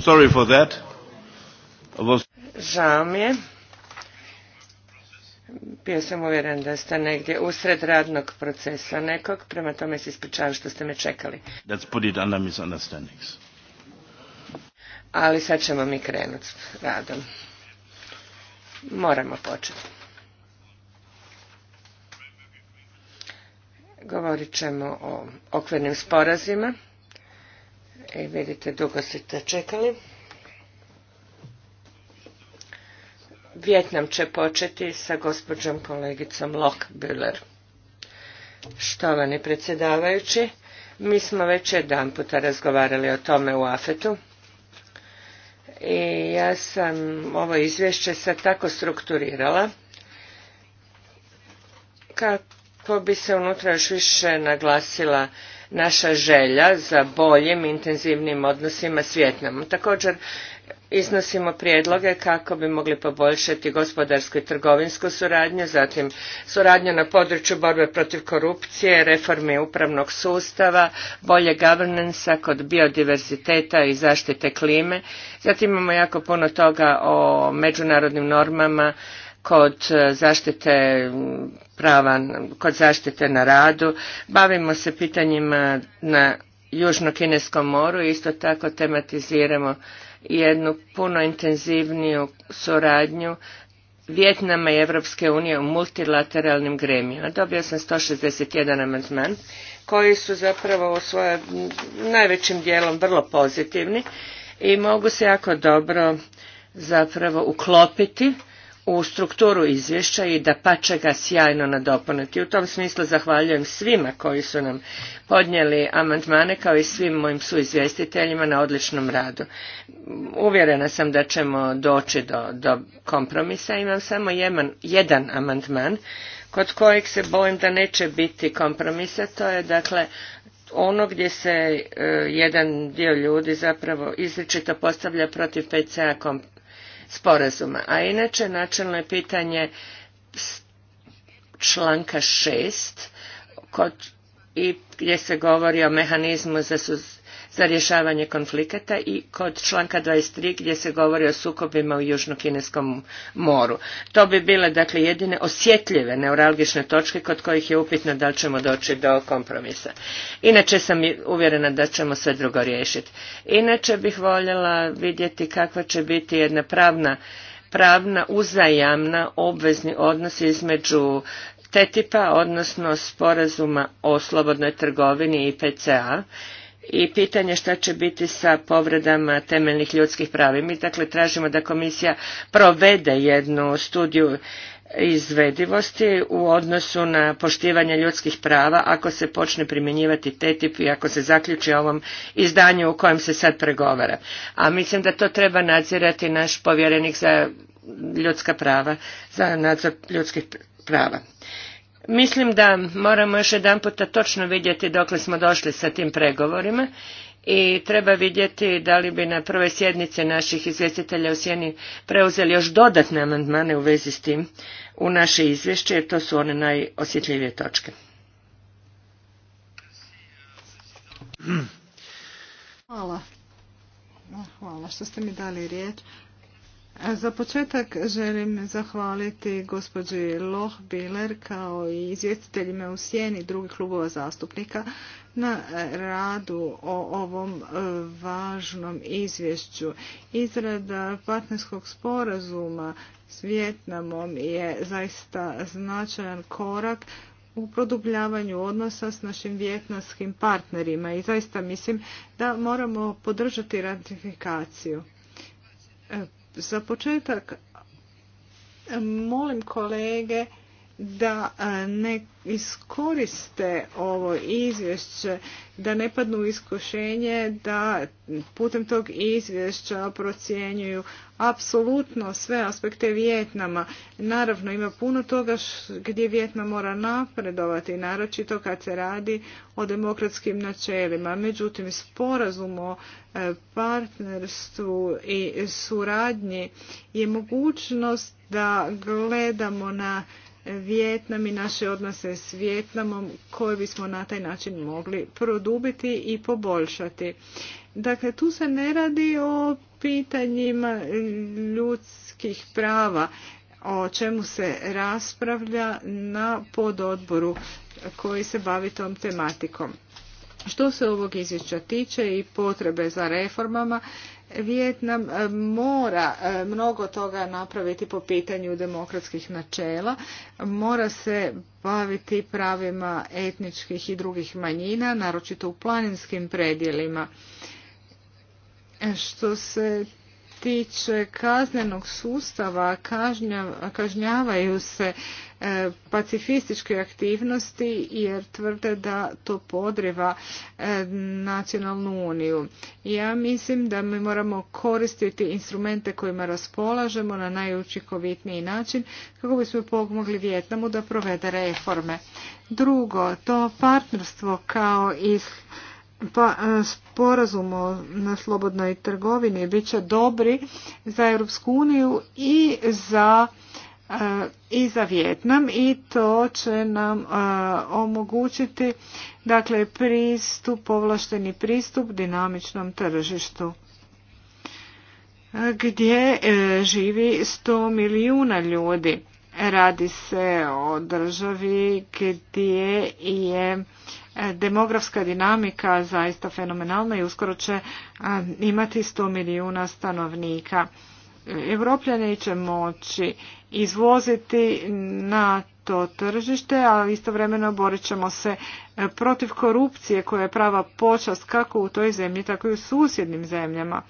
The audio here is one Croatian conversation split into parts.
Sorry Žao mi je. Bio sam uvjeren da ste negdje usred radnog procesa nekog, prema tome se ispričavam što ste me čekali. Let's put it Ali sad ćemo mi krenuti s radom. Moramo početi. Govorit ćemo o okvirnim sporazima. I e, vidite, dugo ste čekali. Vjetnam će početi sa gospođom kolegicom buller Štovani predsjedavajući, mi smo već jedan puta razgovarali o tome u Afetu. I ja sam ovo izvješće sad tako strukturirala kako bi se unutra još više naglasila naša želja za boljim, intenzivnim odnosima s Vjetnamom. Također iznosimo prijedloge kako bi mogli poboljšati gospodarsku i trgovinsku suradnju, zatim suradnju na području borbe protiv korupcije, reforme upravnog sustava, bolje governance kod biodiverziteta i zaštite klime. Zatim imamo jako puno toga o međunarodnim normama, kod e, zaštite prava, kod zaštite na radu. Bavimo se pitanjima na Južno-Kineskom moru i isto tako tematiziramo jednu puno intenzivniju suradnju Vjetnama i Evropske unije u multilateralnim gremijima. Dobio sam 161 amandman koji su zapravo u svojem najvećim dijelom vrlo pozitivni i mogu se jako dobro zapravo uklopiti u strukturu izvješća i da pa ga sjajno nadopuniti. U tom smislu zahvaljujem svima koji su nam podnijeli amandmane kao i svim mojim suizvjestiteljima na odličnom radu. Uvjerena sam da ćemo doći do, do kompromisa. Imam samo jedan, jedan amandman kod kojeg se bojim da neće biti kompromisa. To je dakle ono gdje se e, jedan dio ljudi zapravo izričito postavlja protiv PCA kompromisa sporazuma. A inače, načelno je pitanje članka 6 gdje se govori o mehanizmu za suzbijanje za rješavanje konflikata i kod članka 23 gdje se govori o sukobima u Južnokineskom moru. To bi bile dakle jedine osjetljive neuralgične točke kod kojih je upitno da li ćemo doći do kompromisa. Inače sam uvjerena da ćemo sve drugo riješiti. Inače bih voljela vidjeti kakva će biti jedna pravna pravna uzajamna obvezni odnos između TTIP-a, odnosno sporazuma o slobodnoj trgovini i PCA i pitanje šta će biti sa povredama temeljnih ljudskih prava. Mi dakle tražimo da komisija provede jednu studiju izvedivosti u odnosu na poštivanje ljudskih prava ako se počne primjenjivati TTIP i ako se zaključi ovom izdanju u kojem se sad pregovara. A mislim da to treba nadzirati naš povjerenik za ljudska prava, za nadzor ljudskih prava. Mislim da moramo još jedan točno vidjeti dokle smo došli sa tim pregovorima i treba vidjeti da li bi na prvoj sjednici naših izvjestitelja u Sjeni preuzeli još dodatne amandmane u vezi s tim u naše izvješće jer to su one najosjetljivije točke. Hvala. Hvala što ste mi dali riječ. Za početak želim zahvaliti gospođi Loh Biler kao i izvjestiteljima u sjeni drugih klubova zastupnika na radu o ovom e, važnom izvješću. Izrada partnerskog sporazuma s Vjetnamom je zaista značajan korak u produbljavanju odnosa s našim vjetnamskim partnerima i zaista mislim da moramo podržati ratifikaciju e, za početak molim kolege da ne iskoriste ovo izvješće, da ne padnu u da putem tog izvješća procjenjuju apsolutno sve aspekte Vijetnama. Naravno, ima puno toga gdje Vijetna mora napredovati, naročito kad se radi o demokratskim načelima. Međutim, sporazum o e, partnerstvu i suradnji je mogućnost da gledamo na Vjetnam i naše odnose s Vjetnamom koje bismo na taj način mogli produbiti i poboljšati. Dakle, tu se ne radi o pitanjima ljudskih prava, o čemu se raspravlja na pododboru koji se bavi tom tematikom. Što se ovog izvješća tiče i potrebe za reformama, Vijetnam e, mora e, mnogo toga napraviti po pitanju demokratskih načela, mora se baviti pravima etničkih i drugih manjina, naročito u planinskim predjelima. E, što se tiče kaznenog sustava kažnjavaju se e, pacifističke aktivnosti jer tvrde da to podriva e, nacionalnu uniju. Ja mislim da mi moramo koristiti instrumente kojima raspolažemo na najučinkovitniji način kako bismo pomogli Vjetnamu da provede reforme. Drugo, to partnerstvo kao i pa e, sporazum o na slobodnoj trgovini bit će dobri za Europsku uniju i za e, i za Vjetnam i to će nam e, omogućiti dakle pristup, povlašteni pristup dinamičnom tržištu gdje živi 100 milijuna ljudi. Radi se o državi gdje je E, demografska dinamika zaista fenomenalna i uskoro će e, imati 100 milijuna stanovnika. E, Evropljani će moći izvoziti na to tržište, a istovremeno borit ćemo se protiv korupcije koja je prava počast kako u toj zemlji, tako i u susjednim zemljama.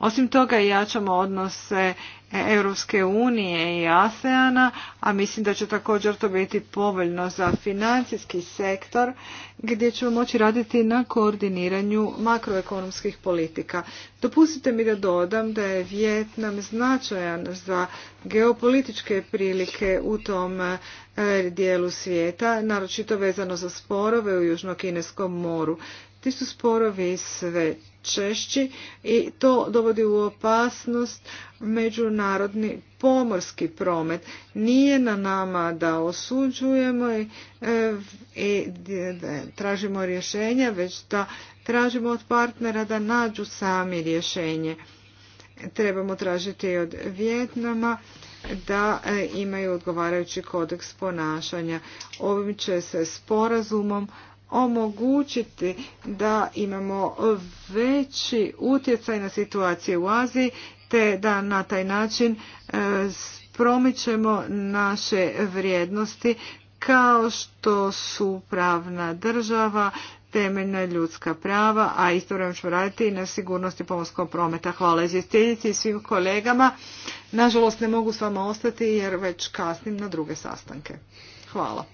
Osim toga jačamo odnose Europske unije i ASEANA, a mislim da će također to biti povoljno za financijski sektor gdje ćemo moći raditi na koordiniranju makroekonomskih politika. Dopustite mi da dodam da je Vjetnam značajan za geopolitičke prilike u tom e, dijelu svijeta, naročito vezano za sporove u Južnokineskom moru. Ti su sporovi sve češći i to dovodi u opasnost međunarodni pomorski promet. Nije na nama da osuđujemo i, e, e, tražimo rješenja, već da tražimo od partnera da nađu sami rješenje. Trebamo tražiti od Vjetnama da e, imaju odgovarajući kodeks ponašanja. Ovim će se sporazumom omogućiti da imamo veći utjecaj na situacije u Aziji te da na taj način e, promičemo naše vrijednosti kao što su pravna država, temeljna ljudska prava, a istovremeno ćemo raditi i na sigurnosti pomorskog prometa. Hvala izvjestiteljici i svim kolegama. Nažalost ne mogu s vama ostati jer već kasnim na druge sastanke. Hvala.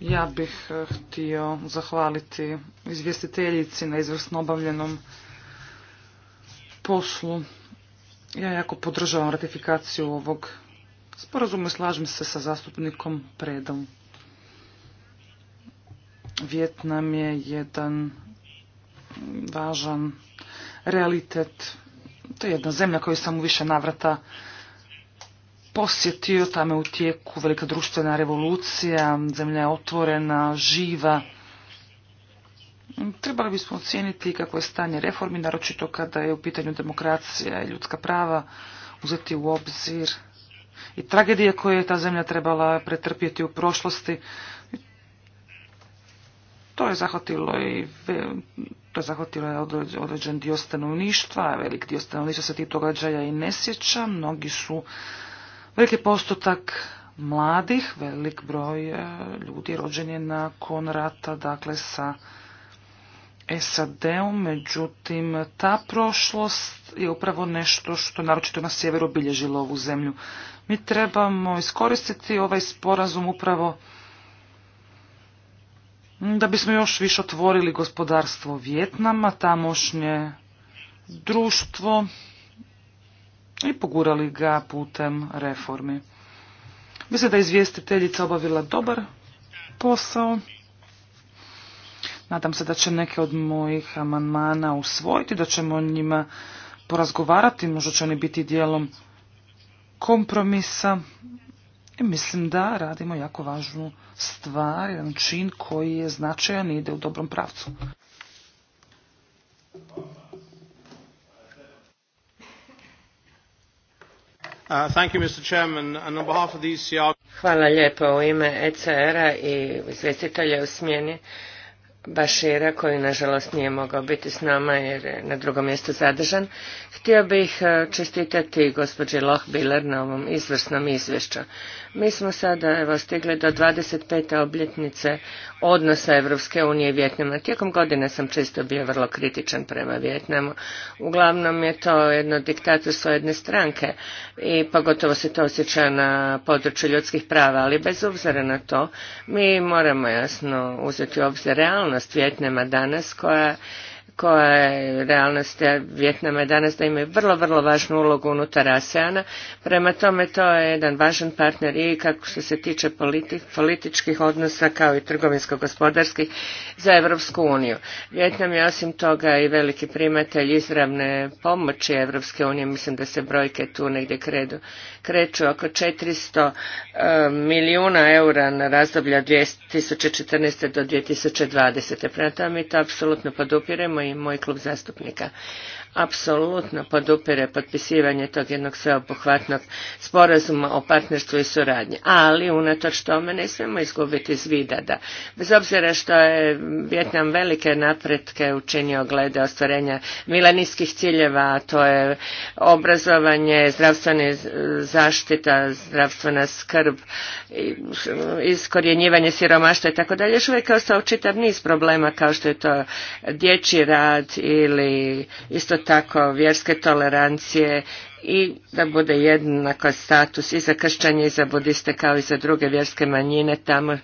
Ja bih eh, htio zahvaliti izvjestiteljici na izvrsno obavljenom poslu. Ja jako podržavam ratifikaciju ovog sporazuma i slažem se sa zastupnikom Predom. Vjetnam je jedan važan realitet. To je jedna zemlja koju sam u više navrata posjetio, tamo je u tijeku velika društvena revolucija, zemlja je otvorena, živa. Trebali bismo ocijeniti kako je stanje reformi, naročito kada je u pitanju demokracija i ljudska prava, uzeti u obzir i tragedije koje je ta zemlja trebala pretrpjeti u prošlosti. To je zahvatilo i to je zahvatilo je određen dio stanovništva, velik dio stanovništva se tih događaja i ne sjeća, mnogi su Veliki postotak mladih, velik broj eh, ljudi rođen je nakon rata, dakle sa SAD-om, međutim ta prošlost je upravo nešto što naročito na sjeveru obilježilo ovu zemlju. Mi trebamo iskoristiti ovaj sporazum upravo da bismo još više otvorili gospodarstvo Vjetnama, tamošnje društvo, i pogurali ga putem reformi. Mislim da je izvjestiteljica obavila dobar posao. Nadam se da će neke od mojih amandmana usvojiti, da ćemo o njima porazgovarati, možda će oni biti dijelom kompromisa. I mislim da radimo jako važnu stvar, jedan čin koji je značajan i ide u dobrom pravcu. Hvala lijepo u ime ECR-a i izvjestitelja u smjeni. Bašira koji nažalost nije mogao biti s nama jer je na drugom mjestu zadržan. Htio bih e, čestitati gospođi Lohbiler na ovom izvrsnom izvješću. Mi smo sada evo, stigli do 25. obljetnice odnosa Evropske unije i Vjetnama. Tijekom godine sam često bio vrlo kritičan prema Vjetnamu. Uglavnom je to jedno diktatorstvo jedne stranke i pogotovo se to osjeća na području ljudskih prava, ali bez obzira na to mi moramo jasno uzeti u obzir realno okolnost vijetnama danas koja koja je realnost Vjetnama je danas da imaju vrlo, vrlo važnu ulogu unutar ASEANA. Prema tome to je jedan važan partner i kako što se tiče političkih odnosa kao i trgovinsko-gospodarskih za Evropsku uniju. Vjetnam je osim toga i veliki primatelj izravne pomoći Evropske unije. Mislim da se brojke tu negdje kredu. kreću oko 400 eh, milijuna eura na razdoblja 2014. do 2020. Prema tome mi to apsolutno podupiremo i moj klub zastupnika apsolutno podupire potpisivanje tog jednog sveobuhvatnog sporazuma o partnerstvu i suradnji. Ali, unatoč tome, ne smijemo izgubiti iz da, bez obzira što je Vjetnam velike napretke učinio glede ostvarenja milenijskih ciljeva, a to je obrazovanje, zdravstvena zaštita, zdravstvena skrb, iskorjenjivanje siromaštva i tako dalje, još uvijek je ostao čitav niz problema kao što je to dječji rad ili isto tako vjerske tolerancije i da bude jednako status i za kršćanje i za budiste kao i za druge vjerske manjine tamo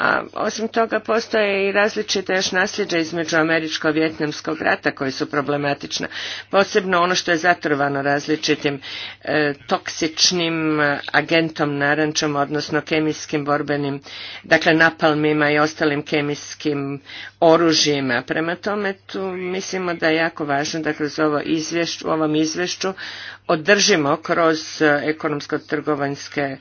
a osim toga postoje i različite još nasljeđe između američko-vjetnamskog rata koji su problematična. Posebno ono što je zatrovano različitim e, toksičnim e, agentom narančom, odnosno kemijskim borbenim, dakle napalmima i ostalim kemijskim oružjima. Prema tome tu mislimo da je jako važno da kroz ovo u ovom izvješću održimo kroz e, ekonomsko trgovanske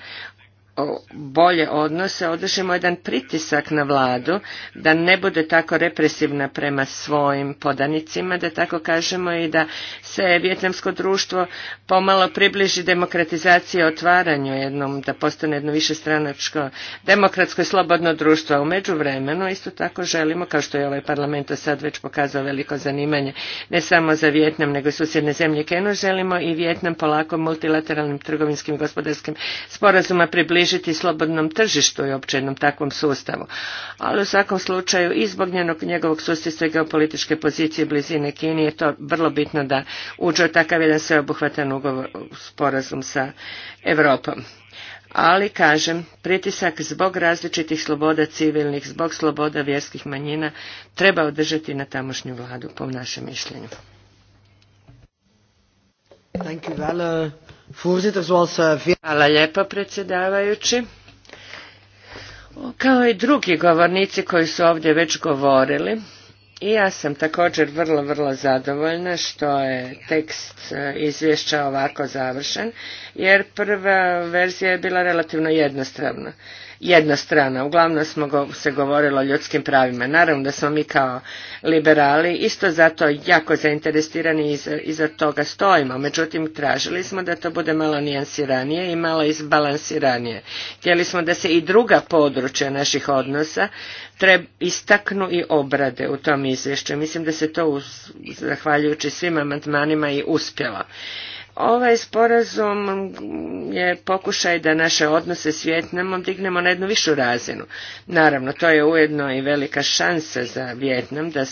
bolje odnose, održimo jedan pritisak na vladu da ne bude tako represivna prema svojim podanicima, da tako kažemo i da se vjetnamsko društvo pomalo približi demokratizaciji otvaranju jednom, da postane jedno višestranačko demokratsko i slobodno društvo. U međuvremenu isto tako želimo, kao što je ovaj parlament sad već pokazao veliko zanimanje, ne samo za Vjetnam, nego i susjedne zemlje Kenu, želimo i Vjetnam polako multilateralnim trgovinskim i gospodarskim sporazuma približiti približiti slobodnom tržištu i općenom jednom takvom sustavu. Ali u svakom slučaju i zbog njegovog susjedstva i geopolitičke pozicije blizine Kini je to vrlo bitno da uđe u takav jedan sveobuhvatan ugovor, sporazum sa Europom ali kažem, pritisak zbog različitih sloboda civilnih, zbog sloboda vjerskih manjina treba održati na tamošnju vladu, po našem mišljenju. Eh, Hvala lijepo predsjedavajući. Kao i drugi govornici koji su ovdje već govorili, i ja sam također vrlo, vrlo zadovoljna što je tekst eh, izvješća ovako završen, jer prva verzija je bila relativno jednostavna jedna strana. Uglavnom smo go, se govorilo o ljudskim pravima. Naravno da smo mi kao liberali isto zato jako zainteresirani i za toga stojimo. Međutim, tražili smo da to bude malo nijansiranije i malo izbalansiranije. Htjeli smo da se i druga područja naših odnosa treba istaknu i obrade u tom izvješću. Mislim da se to zahvaljujući svim amandmanima i uspjelo. Ovaj sporazum je pokušaj da naše odnose s Vjetnamom dignemo na jednu višu razinu. Naravno, to je ujedno i velika šansa za Vjetnam da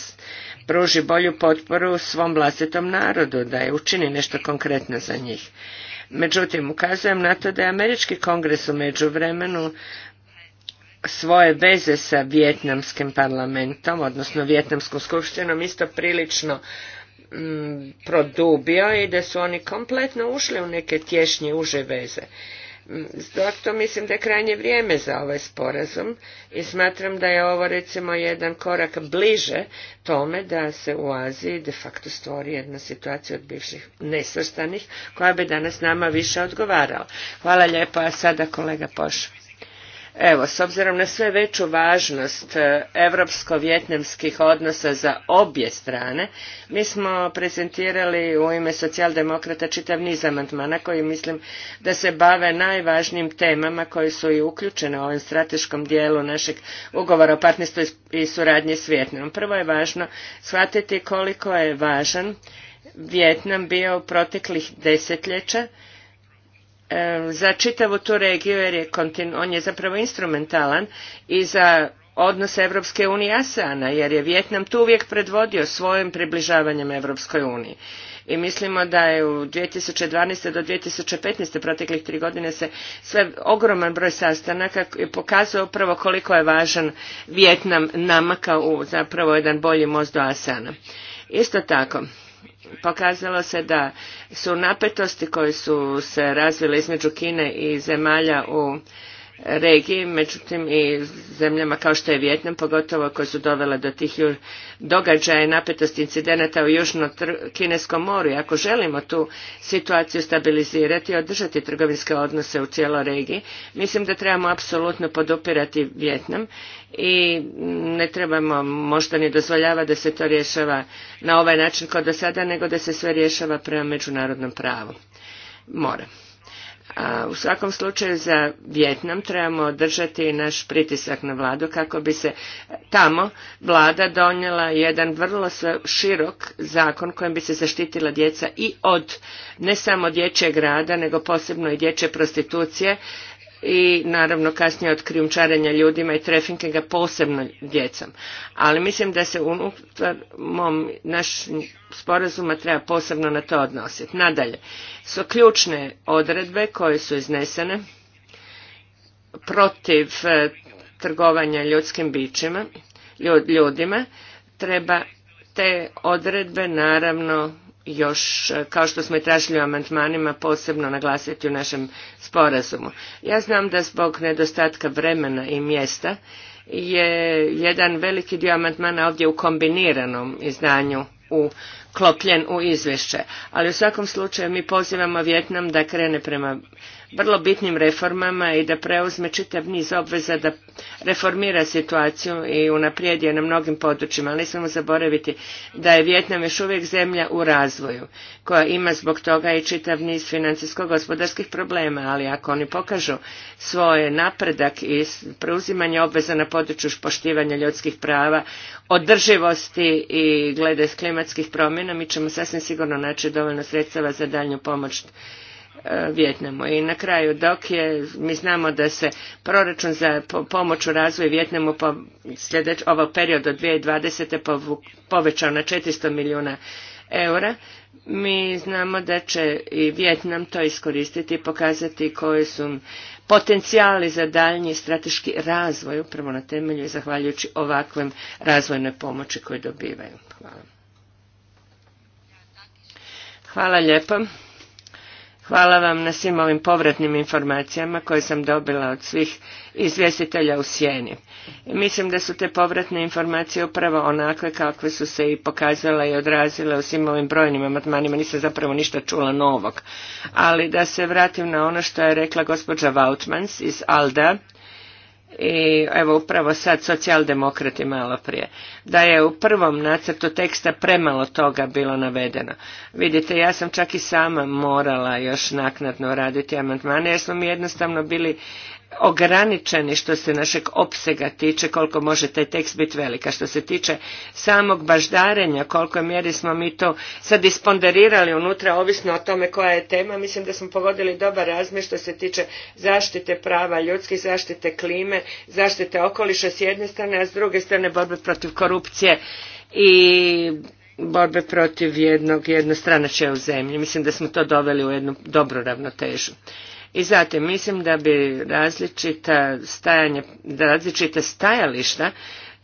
pruži bolju potporu svom vlastitom narodu, da je učini nešto konkretno za njih. Međutim, ukazujem na to da je Američki kongres u međuvremenu svoje veze sa Vjetnamskim parlamentom, odnosno Vjetnamskom skupštinom, isto prilično produbio i da su oni kompletno ušli u neke tješnje uže veze. Zato mislim da je krajnje vrijeme za ovaj sporazum i smatram da je ovo recimo jedan korak bliže tome da se u Aziji de facto stvori jedna situacija od bivših nesvrstanih koja bi danas nama više odgovarala. Hvala lijepo, a sada kolega Poš. Evo, s obzirom na sve veću važnost e, evropsko-vjetnamskih odnosa za obje strane, mi smo prezentirali u ime socijaldemokrata čitav niz amandmana koji mislim da se bave najvažnijim temama koje su i uključene u ovom strateškom dijelu našeg ugovora o partnerstvu i suradnje s Vjetnamom. Prvo je važno shvatiti koliko je važan Vjetnam bio u proteklih desetljeća za čitavu tu regiju jer je on je zapravo instrumentalan i za odnos Evropske unije i ASEANA jer je Vjetnam tu uvijek predvodio svojim približavanjem Evropskoj uniji. I mislimo da je u 2012. do 2015. proteklih tri godine se sve ogroman broj sastanaka pokazao upravo koliko je važan Vjetnam namakao u zapravo jedan bolji most do ASEANA. Isto tako, pokazalo se da su napetosti koje su se razvile između Kine i zemalja u regiji, međutim i zemljama kao što je Vjetnam, pogotovo koje su dovele do tih događaja i napetosti incidenata u Južno-Kineskom moru. I ako želimo tu situaciju stabilizirati i održati trgovinske odnose u cijeloj regiji, mislim da trebamo apsolutno podupirati Vjetnam i ne trebamo možda ni dozvoljava da se to rješava na ovaj način kao do sada, nego da se sve rješava prema međunarodnom pravu. Mora u svakom slučaju za Vjetnam trebamo održati naš pritisak na vladu kako bi se tamo vlada donijela jedan vrlo širok zakon kojim bi se zaštitila djeca i od ne samo dječjeg rada nego posebno i dječje prostitucije i naravno kasnije od krijumčarenja ljudima i ga posebno djecom. Ali mislim da se unutar mom naš sporazuma treba posebno na to odnositi. Nadalje, su ključne odredbe koje su iznesene protiv e, trgovanja ljudskim bićima, ljudima, treba te odredbe naravno još, e, kao što smo i tražili u amandmanima, posebno naglasiti u našem sporazumu. Ja znam da zbog nedostatka vremena i mjesta je jedan veliki dio amandmana ovdje u kombiniranom izdanju uklopljen u izvješće. Ali u svakom slučaju mi pozivamo Vjetnam da krene prema vrlo bitnim reformama i da preuzme čitav niz obveza da reformira situaciju i unaprijedi na mnogim područjima. Ali ne smemo zaboraviti da je Vjetnam još uvijek zemlja u razvoju koja ima zbog toga i čitav niz financijsko-gospodarskih problema, ali ako oni pokažu svoj napredak i preuzimanje obveza na području poštivanja ljudskih prava, održivosti i glede klimatskih promjena, mi ćemo sasvim sigurno naći dovoljno sredstava za daljnju pomoć E, Vjetnamu. I na kraju, dok je, mi znamo da se proračun za pomoć u razvoju Vjetnamu po sljedeć, ovaj period od 2020. povećao na 400 milijuna eura, mi znamo da će i Vjetnam to iskoristiti i pokazati koji su potencijali za daljnji strateški razvoj, upravo na temelju i zahvaljujući ovakvim razvojnoj pomoći koju dobivaju. Hvala. Hvala lijepo. Hvala vam na svim ovim povratnim informacijama koje sam dobila od svih izvjestitelja u sjeni. mislim da su te povratne informacije upravo onakve kakve su se i pokazala i odrazile u svim ovim brojnim amatmanima. Nisam zapravo ništa čula novog. Ali da se vratim na ono što je rekla gospođa Vautmans iz ALDA i evo upravo sad socijaldemokrati malo prije, da je u prvom nacrtu teksta premalo toga bilo navedeno. Vidite, ja sam čak i sama morala još naknadno raditi amandmane jer smo mi jednostavno bili ograničeni što se našeg opsega tiče, koliko može taj tekst biti velika. Što se tiče samog baždarenja, koliko mjeri smo mi to sad isponderirali unutra, ovisno o tome koja je tema, mislim da smo pogodili dobar razmjer što se tiče zaštite prava ljudskih, zaštite klime, zaštite okoliša s jedne strane, a s druge strane borbe protiv korupcije i borbe protiv jednog jednostranačja u zemlji. Mislim da smo to doveli u jednu dobru ravnotežu. I zatim mislim da bi različita stajanje, različita stajališta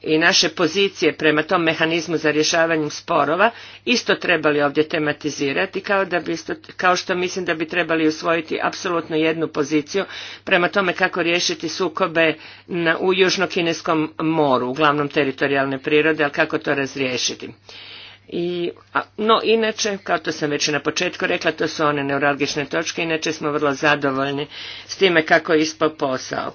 i naše pozicije prema tom mehanizmu za rješavanje sporova isto trebali ovdje tematizirati kao, da bi kao što mislim da bi trebali usvojiti apsolutno jednu poziciju prema tome kako riješiti sukobe na, u Južnokineskom moru, uglavnom teritorijalne prirode, ali kako to razriješiti. I, no, inače, kao to sam već na početku rekla, to su one neuralgične točke, inače smo vrlo zadovoljni s time kako je ispao posao.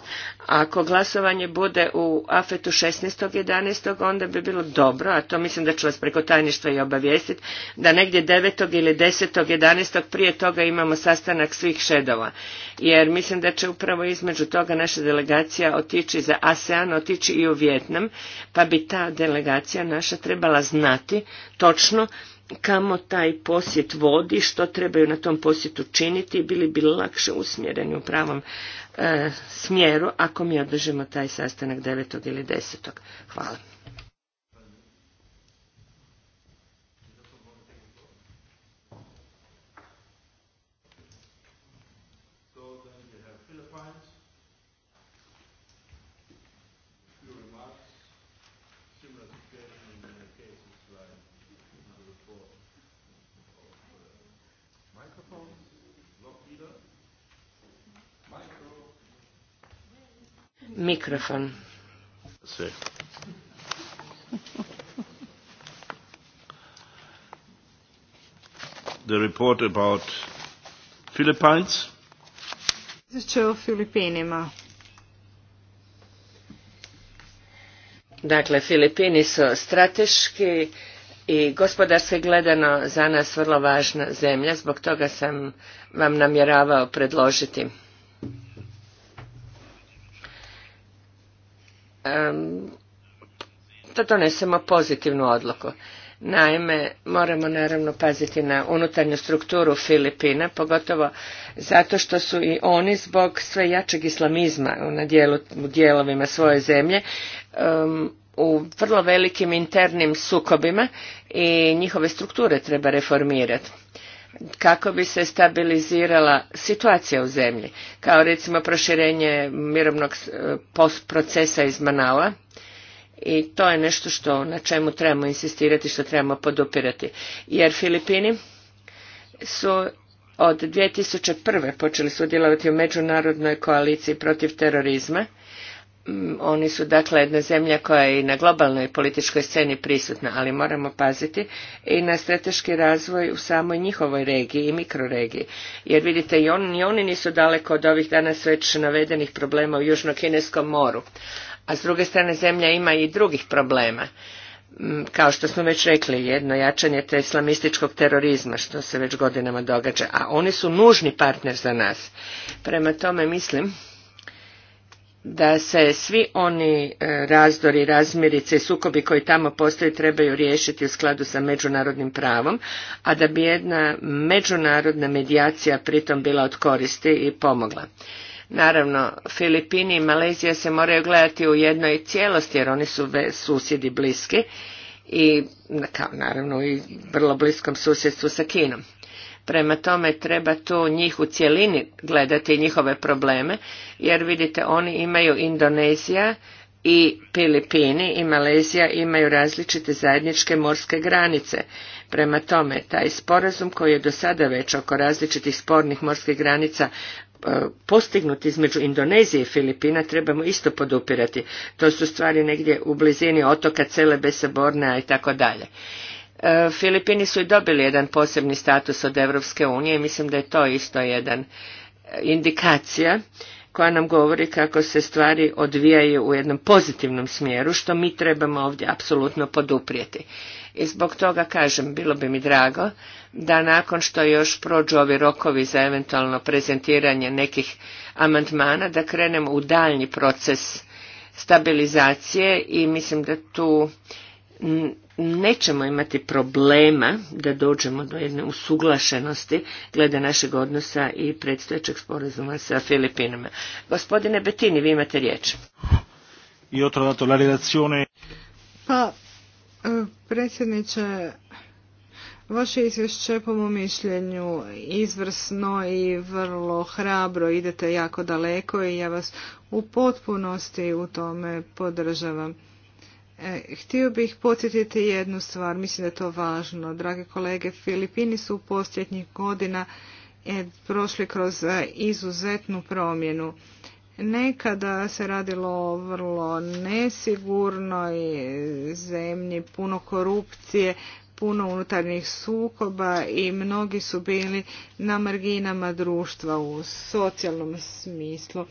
Ako glasovanje bude u Afetu u 16.11. onda bi bilo dobro, a to mislim da ću vas preko tajništva i obavijestiti, da negdje 9. ili 10. prije toga imamo sastanak svih šedova. Jer mislim da će upravo između toga naša delegacija otići za ASEAN, otići i u Vjetnam, pa bi ta delegacija naša trebala znati točno kamo taj posjet vodi, što trebaju na tom posjetu činiti bili bi lakše usmjereni u pravom E, smjeru ako mi održimo taj sastanak 9. ili 10. Hvala. Mikrofon. The report about Philippines. Filipinima. Dakle, Filipini su strateški i gospodarski gledano za nas vrlo važna zemlja, zbog toga sam vam namjeravao predložiti da donesemo pozitivnu odluku. Naime, moramo naravno paziti na unutarnju strukturu Filipina, pogotovo zato što su i oni zbog sve jačeg islamizma na u dijelovima svoje zemlje u vrlo velikim internim sukobima i njihove strukture treba reformirati kako bi se stabilizirala situacija u zemlji, kao recimo proširenje mirovnog eh, procesa iz Manala i to je nešto što, na čemu trebamo insistirati, što trebamo podupirati. Jer Filipini su od 2001. počeli sudjelovati u međunarodnoj koaliciji protiv terorizma Mm, oni su dakle jedna zemlja koja je i na globalnoj političkoj sceni prisutna, ali moramo paziti i na strateški razvoj u samoj njihovoj regiji i mikroregiji. Jer vidite, i oni ni oni nisu daleko od ovih danas već navedenih problema u Južno-Kineskom moru. A s druge strane zemlja ima i drugih problema. Mm, kao što smo već rekli, jedno jačanje te islamističkog terorizma što se već godinama događa, a oni su nužni partner za nas. Prema tome mislim da se svi oni e, razdori, razmirice i sukobi koji tamo postoje trebaju riješiti u skladu sa međunarodnim pravom, a da bi jedna međunarodna medijacija pritom bila od koristi i pomogla. Naravno, Filipini i Malezija se moraju gledati u jednoj cijelosti jer oni su susjedi bliski i naravno i vrlo bliskom susjedstvu sa Kinom. Prema tome treba tu njih u cjelini gledati njihove probleme jer vidite oni imaju Indonezija i Filipini i Malezija imaju različite zajedničke morske granice. Prema tome, taj sporazum koji je do sada već oko različitih spornih morskih granica e, postignut između Indonezije i Filipina trebamo isto podupirati. To su stvari negdje u blizini otoka Celebesa, Bornea i tako dalje. E, Filipini su i dobili jedan posebni status od Europske unije i mislim da je to isto jedan e, indikacija koja nam govori kako se stvari odvijaju u jednom pozitivnom smjeru, što mi trebamo ovdje apsolutno poduprijeti. I zbog toga kažem, bilo bi mi drago da nakon što još prođu ovi rokovi za eventualno prezentiranje nekih amandmana, da krenemo u daljnji proces stabilizacije i mislim da tu nećemo imati problema da dođemo do jedne usuglašenosti glede našeg odnosa i predstojećeg sporazuma sa Filipinama. Gospodine Betini, vi imate riječ. I dato la Pa, predsjedniče, vaše izvješće po mom mišljenju izvrsno i vrlo hrabro idete jako daleko i ja vas u potpunosti u tome podržavam. E, htio bih podsjetiti jednu stvar, mislim da je to važno. Drage kolege, Filipini su u posljednjih godina e, prošli kroz e, izuzetnu promjenu. Nekada se radilo o vrlo nesigurnoj zemlji, puno korupcije, puno unutarnjih sukoba i mnogi su bili na marginama društva u socijalnom smislu.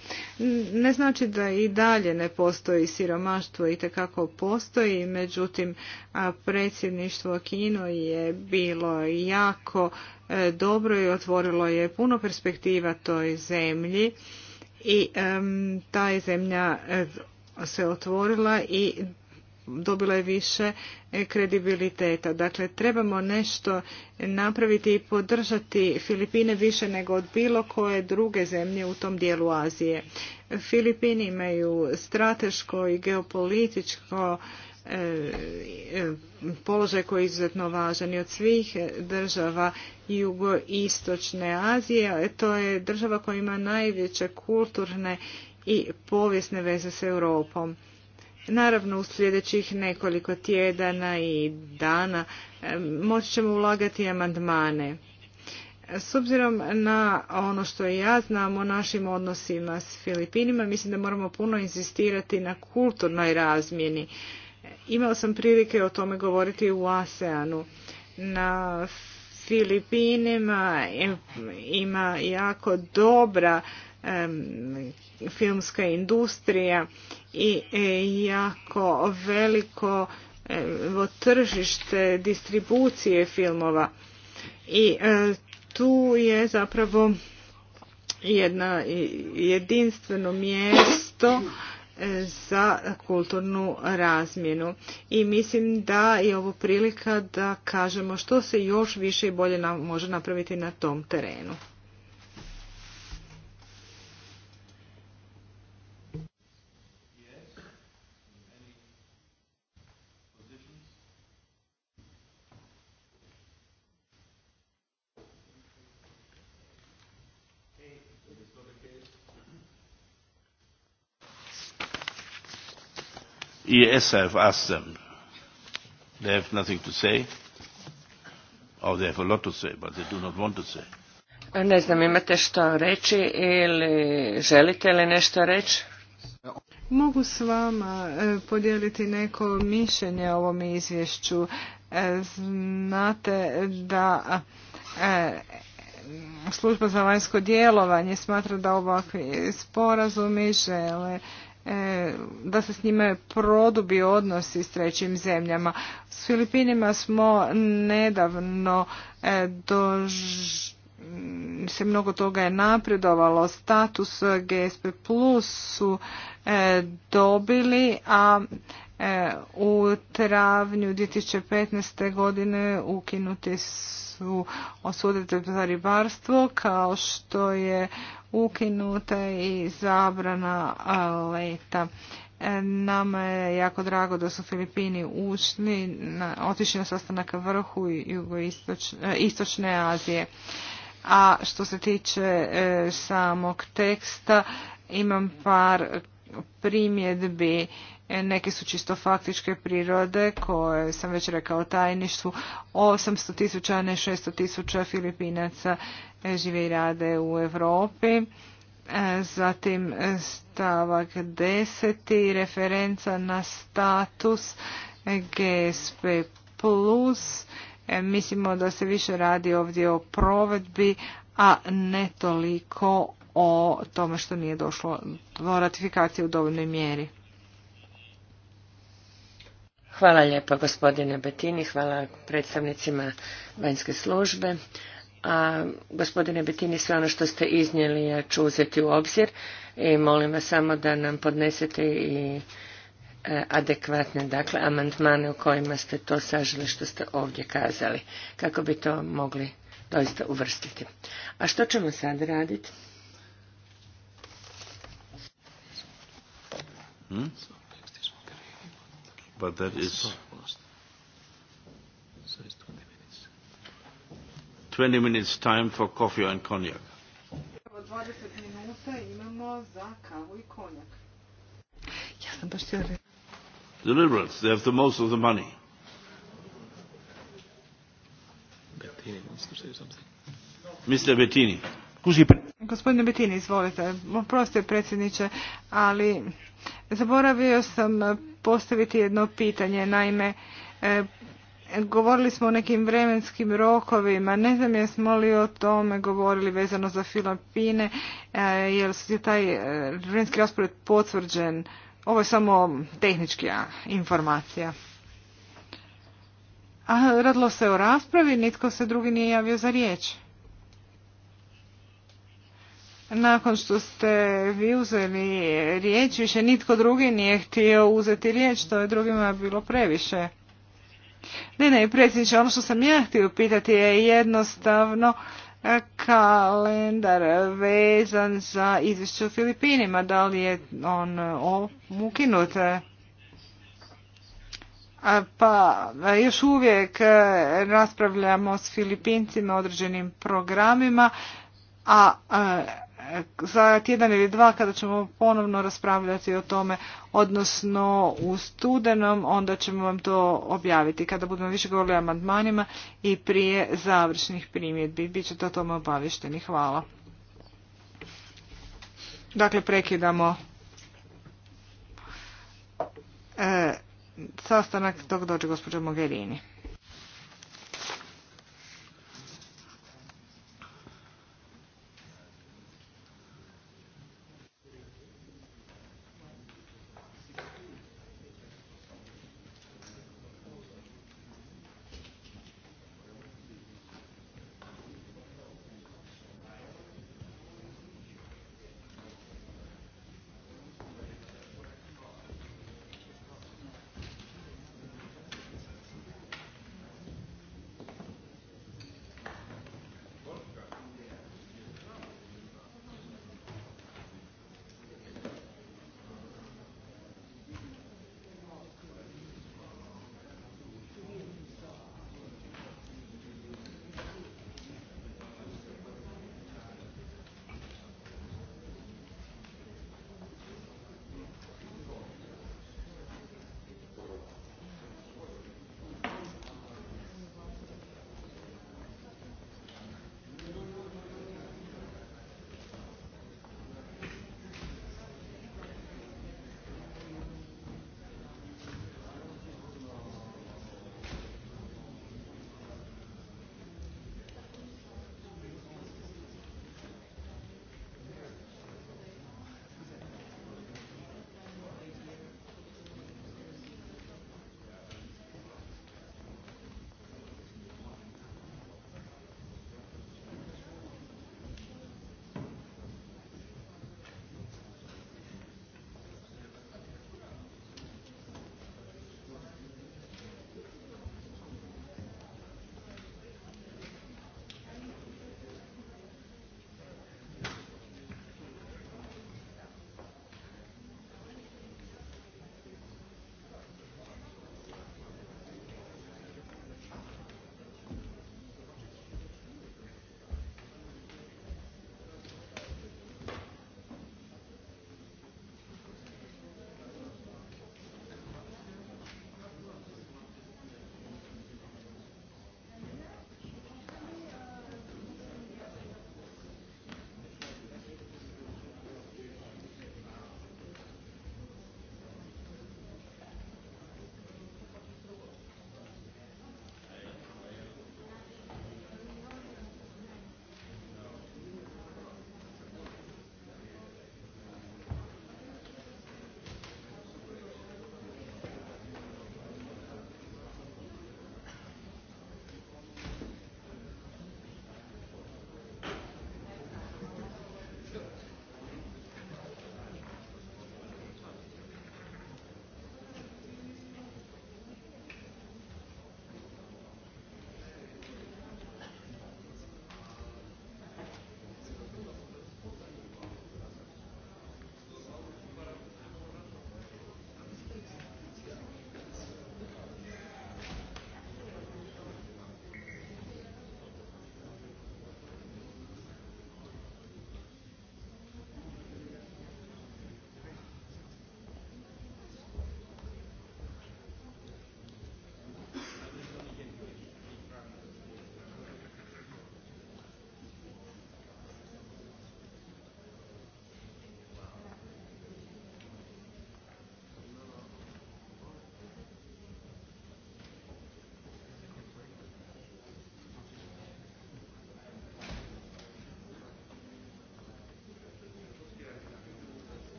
Ne znači da i dalje ne postoji siromaštvo i tekako postoji, međutim predsjedništvo Kino je bilo jako e, dobro i otvorilo je puno perspektiva toj zemlji i ta je zemlja e, se otvorila i dobila je više e, kredibiliteta. Dakle, trebamo nešto napraviti i podržati Filipine više nego od bilo koje druge zemlje u tom dijelu Azije. Filipini imaju strateško i geopolitičko e, e, položaj koji je izuzetno važan i od svih država jugoistočne Azije. To je država koja ima najveće kulturne i povijesne veze s Europom. Naravno, u sljedećih nekoliko tjedana i dana e, moći ćemo ulagati amandmane. S obzirom na ono što ja znam o našim odnosima s Filipinima, mislim da moramo puno inzistirati na kulturnoj razmjeni. Imao sam prilike o tome govoriti u ASEANu. Na Filipinima ima jako dobra filmska industrija i e, jako veliko e, tržište distribucije filmova i e, tu je zapravo jedna jedinstveno mjesto za kulturnu razmjenu i mislim da je ovo prilika da kažemo što se još više i bolje može napraviti na tom terenu. ES have asked them. They have nothing to say. Or oh, they have a lot to say, but they do not want to say. Ne znam, imate što reći ili želite li nešto reći? Mogu s vama e, podijeliti neko mišljenje o ovom izvješću. E, znate da e, služba za vanjsko djelovanje smatra da ovakvi sporazumi žele E, da se s njime produbi odnosi s trećim zemljama. S Filipinima smo nedavno e, se mnogo toga je napredovalo. Status GSP plus su e, dobili, a E, u travnju 2015. godine ukinuti su osudite za ribarstvo kao što je ukinuta i zabrana leta. E, nama je jako drago da su Filipini ušli, otišli na sastanak vrhu e, istočne Azije. A što se tiče samog teksta, imam par primjedbi Neke su čisto faktičke prirode koje sam već rekao tajništvu. 800 tisuća, ne 600 tisuća Filipinaca e, žive i rade u Europi. E, zatim e, stavak 10. referenca na status GSP+. Plus. Mislimo da se više radi ovdje o provedbi, a ne toliko o tome što nije došlo do ratifikacije u dovoljnoj mjeri. Hvala lijepa gospodine Betini, hvala predstavnicima vanjske službe. A gospodine Betini, sve ono što ste iznijeli ja ću uzeti u obzir i molim vas samo da nam podnesete i e, adekvatne dakle amandmane u kojima ste to sažili što ste ovdje kazali kako bi to mogli doista uvrstiti. A što ćemo sad raditi? Hmm? but pa that is 20 minutes time for coffee and cognac. The liberals, they have the most of the money. Bettini wants something. Mr. Bettini. Gospodine Bettini, izvolite. Proste predsjedniče, ali zaboravio sam postaviti jedno pitanje. Naime, e, govorili smo o nekim vremenskim rokovima. Ne znam jesmo li o tome govorili vezano za Filipine, e, jer je taj e, vremenski raspored potvrđen. Ovo je samo tehnička informacija. A radilo se o raspravi, nitko se drugi nije javio za riječ. Nakon što ste vi uzeli riječ, više nitko drugi nije htio uzeti riječ, to je drugima bilo previše. Ne, ne, predsjedniče, ono što sam ja htio pitati je jednostavno e, kalendar vezan za izvješće o Filipinima. Da li je on e, ukinut? E, pa još uvijek raspravljamo s Filipincima određenim programima, a za tjedan ili dva kada ćemo ponovno raspravljati o tome, odnosno u studenom, onda ćemo vam to objaviti kada budemo više govorili o amandmanima i prije završnih primjedbi. Bićete o tome obavišteni. Hvala. Dakle, prekidamo e, sastanak dok dođe gospođa Mogherini.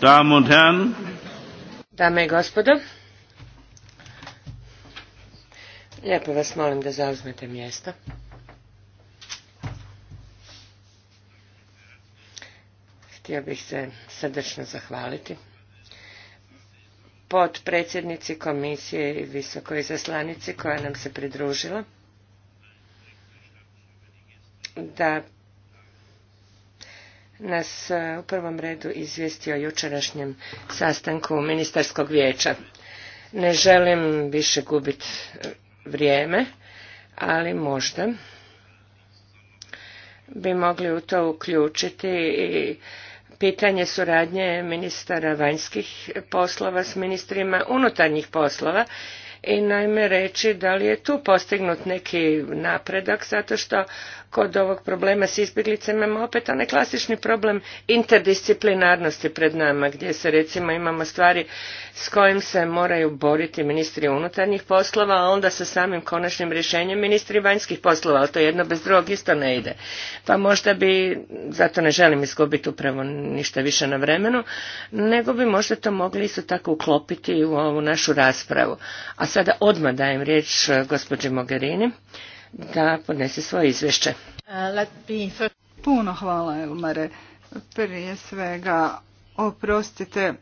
und Dame i gospodo, lijepo vas molim da zauzmete mjesto. Htio bih se srdečno zahvaliti predsjednici komisije i visokoj zaslanici koja nam se pridružila da nas e, u prvom redu izvijesti o jučerašnjem sastanku ministarskog vijeća. Ne želim više gubiti e, vrijeme, ali možda bi mogli u to uključiti i pitanje suradnje ministara vanjskih poslova s ministrima unutarnjih poslova i naime reći da li je tu postignut neki napredak zato što kod ovog problema s izbjeglicama imamo opet onaj klasični problem interdisciplinarnosti pred nama, gdje se recimo imamo stvari s kojim se moraju boriti ministri unutarnjih poslova, a onda sa samim konačnim rješenjem ministri vanjskih poslova, ali to jedno bez drugog isto ne ide. Pa možda bi, zato ne želim izgubiti upravo ništa više na vremenu, nego bi možda to mogli isto tako uklopiti u ovu našu raspravu. A sada odmah dajem riječ gospođi Mogherini da podnese svoje izvješće. Puno hvala Elmare. Prije svega oprostite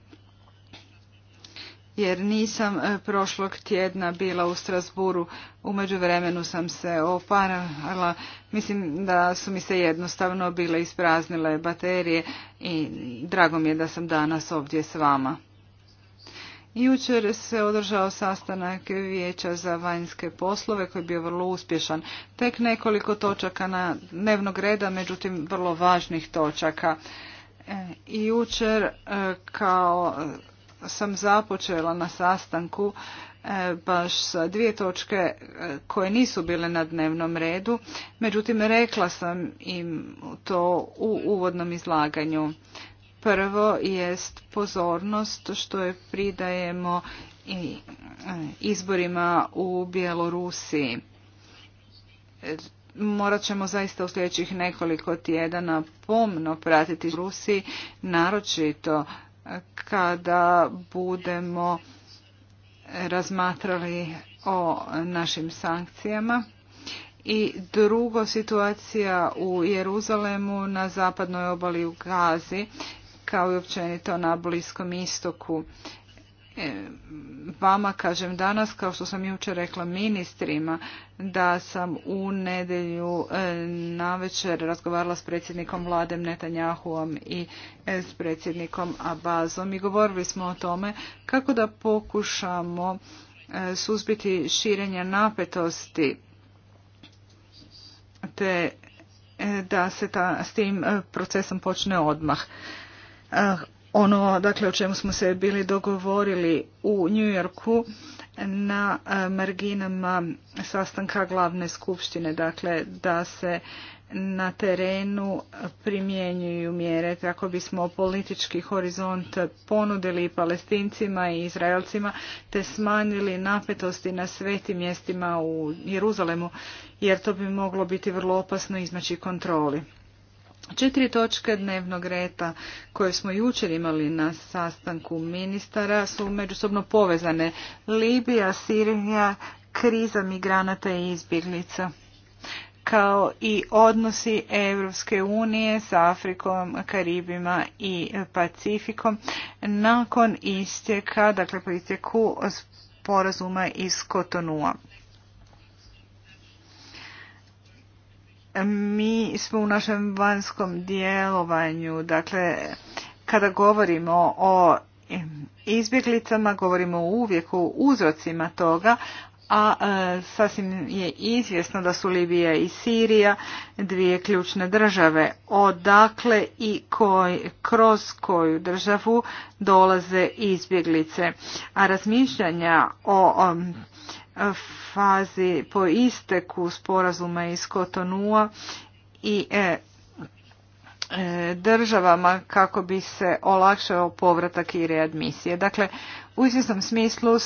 jer nisam e, prošlog tjedna bila u Strasburu. U međuvremenu sam se oparala. Mislim da su mi se jednostavno bile ispraznile baterije i drago mi je da sam danas ovdje s vama. Jučer se održao sastanak vijeća za vanjske poslove koji je bio vrlo uspješan. Tek nekoliko točaka na dnevnog reda, međutim vrlo važnih točaka. E, I jučer e, kao sam započela na sastanku e, baš sa dvije točke koje nisu bile na dnevnom redu, međutim rekla sam im to u uvodnom izlaganju. Prvo jest pozornost što je pridajemo i e, izborima u Bjelorusiji. Morat ćemo zaista u sljedećih nekoliko tjedana pomno pratiti Rusiji, naročito e, kada budemo razmatrali o našim sankcijama. I drugo, situacija u Jeruzalemu na zapadnoj obali u Gazi kao i općenito na Bliskom istoku. E, vama kažem danas, kao što sam jučer rekla ministrima, da sam u nedelju e, navečer razgovarala s predsjednikom Vladem Netanjahuom i e, s predsjednikom Abazom i govorili smo o tome kako da pokušamo suzbiti širenje napetosti te da se s tim procesom počne odmah ono dakle, o čemu smo se bili dogovorili u New Yorku na marginama sastanka glavne skupštine, dakle da se na terenu primjenjuju mjere kako bismo politički horizont ponudili palestincima i izraelcima te smanjili napetosti na svetim mjestima u Jeruzalemu jer to bi moglo biti vrlo opasno izmaći kontroli. Četiri točke dnevnog reda koje smo jučer imali na sastanku ministara su međusobno povezane. Libija, Sirija, kriza migranata i izbjeglica kao i odnosi Europske unije sa Afrikom, Karibima i Pacifikom nakon istjeka, dakle po isteku sporazuma iz Kotonua. mi smo u našem vanjskom djelovanju, dakle, kada govorimo o izbjeglicama, govorimo uvijek o uzrocima toga, a e, sasvim je izvjesno da su Libija i Sirija dvije ključne države, odakle i koj, kroz koju državu dolaze izbjeglice. A razmišljanja o fazi po isteku sporazuma iz Kotonua i e, e, državama kako bi se olakšao povratak i readmisije. Dakle, u izvjesnom smislu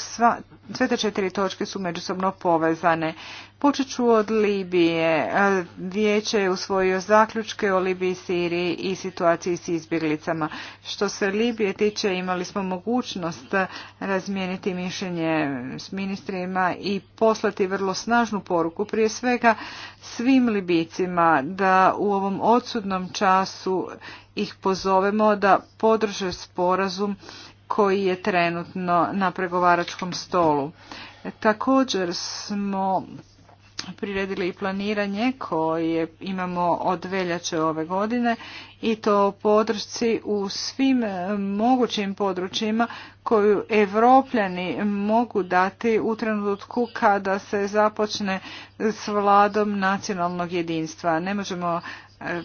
sve te četiri točke su međusobno povezane. Počet ću od Libije. Vijeće je usvojio zaključke o Libiji, Siriji i situaciji s izbjeglicama. Što se Libije tiče, imali smo mogućnost razmijeniti mišljenje s ministrima i poslati vrlo snažnu poruku prije svega svim Libicima da u ovom odsudnom času ih pozovemo da podrže sporazum koji je trenutno na pregovaračkom stolu. Također smo priredili i planiranje koje imamo od veljače ove godine i to podršci u svim mogućim područjima koju evropljani mogu dati u trenutku kada se započne s vladom nacionalnog jedinstva. Ne možemo E,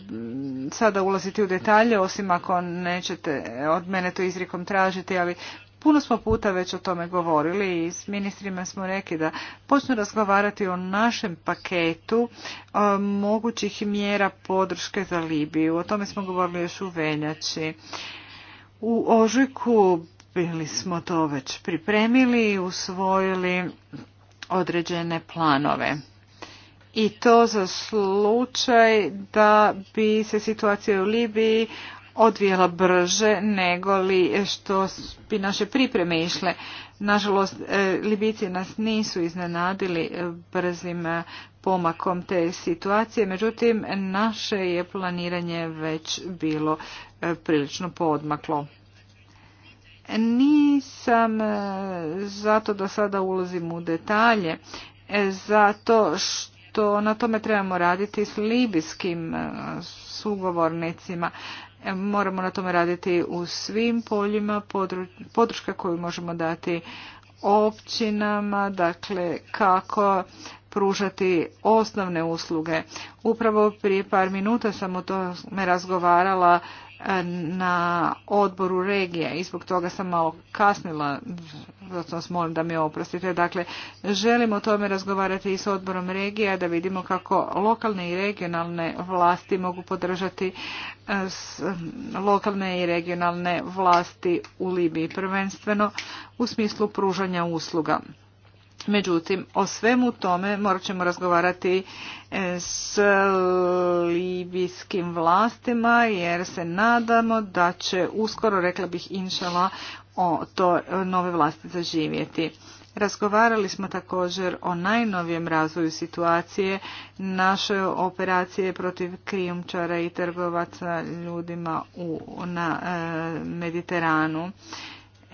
sada ulaziti u detalje, osim ako nećete od mene to izrikom tražiti, ali puno smo puta već o tome govorili i s ministrima smo rekli da počnu razgovarati o našem paketu e, mogućih mjera podrške za Libiju. O tome smo govorili još u veljači. U ožujku bili smo to već pripremili i usvojili određene planove i to za slučaj da bi se situacija u Libiji odvijela brže nego li što bi naše pripreme išle. Nažalost, e, Libijci nas nisu iznenadili e, brzim e, pomakom te situacije, međutim, naše je planiranje već bilo prilično podmaklo. Nisam zato da sada ulazim u detalje, zato što to, na tome trebamo raditi s libijskim e, sugovornicima. E, moramo na tome raditi u svim poljima, podrška koju možemo dati općinama, dakle kako pružati osnovne usluge. Upravo prije par minuta sam o tome razgovarala na odboru regija i zbog toga sam malo kasnila, zato vas molim da mi oprostite. Dakle, želim o tome razgovarati i s odborom regija da vidimo kako lokalne i regionalne vlasti mogu podržati e, lokalne i regionalne vlasti u Libiji prvenstveno u smislu pružanja usluga. Međutim, o svemu tome morat ćemo razgovarati e, s libijskim vlastima jer se nadamo da će uskoro, rekla bih inšala, o to e, nove vlasti zaživjeti. Razgovarali smo također o najnovijem razvoju situacije, naše operacije protiv krijumčara i trgovaca ljudima na e, Mediteranu.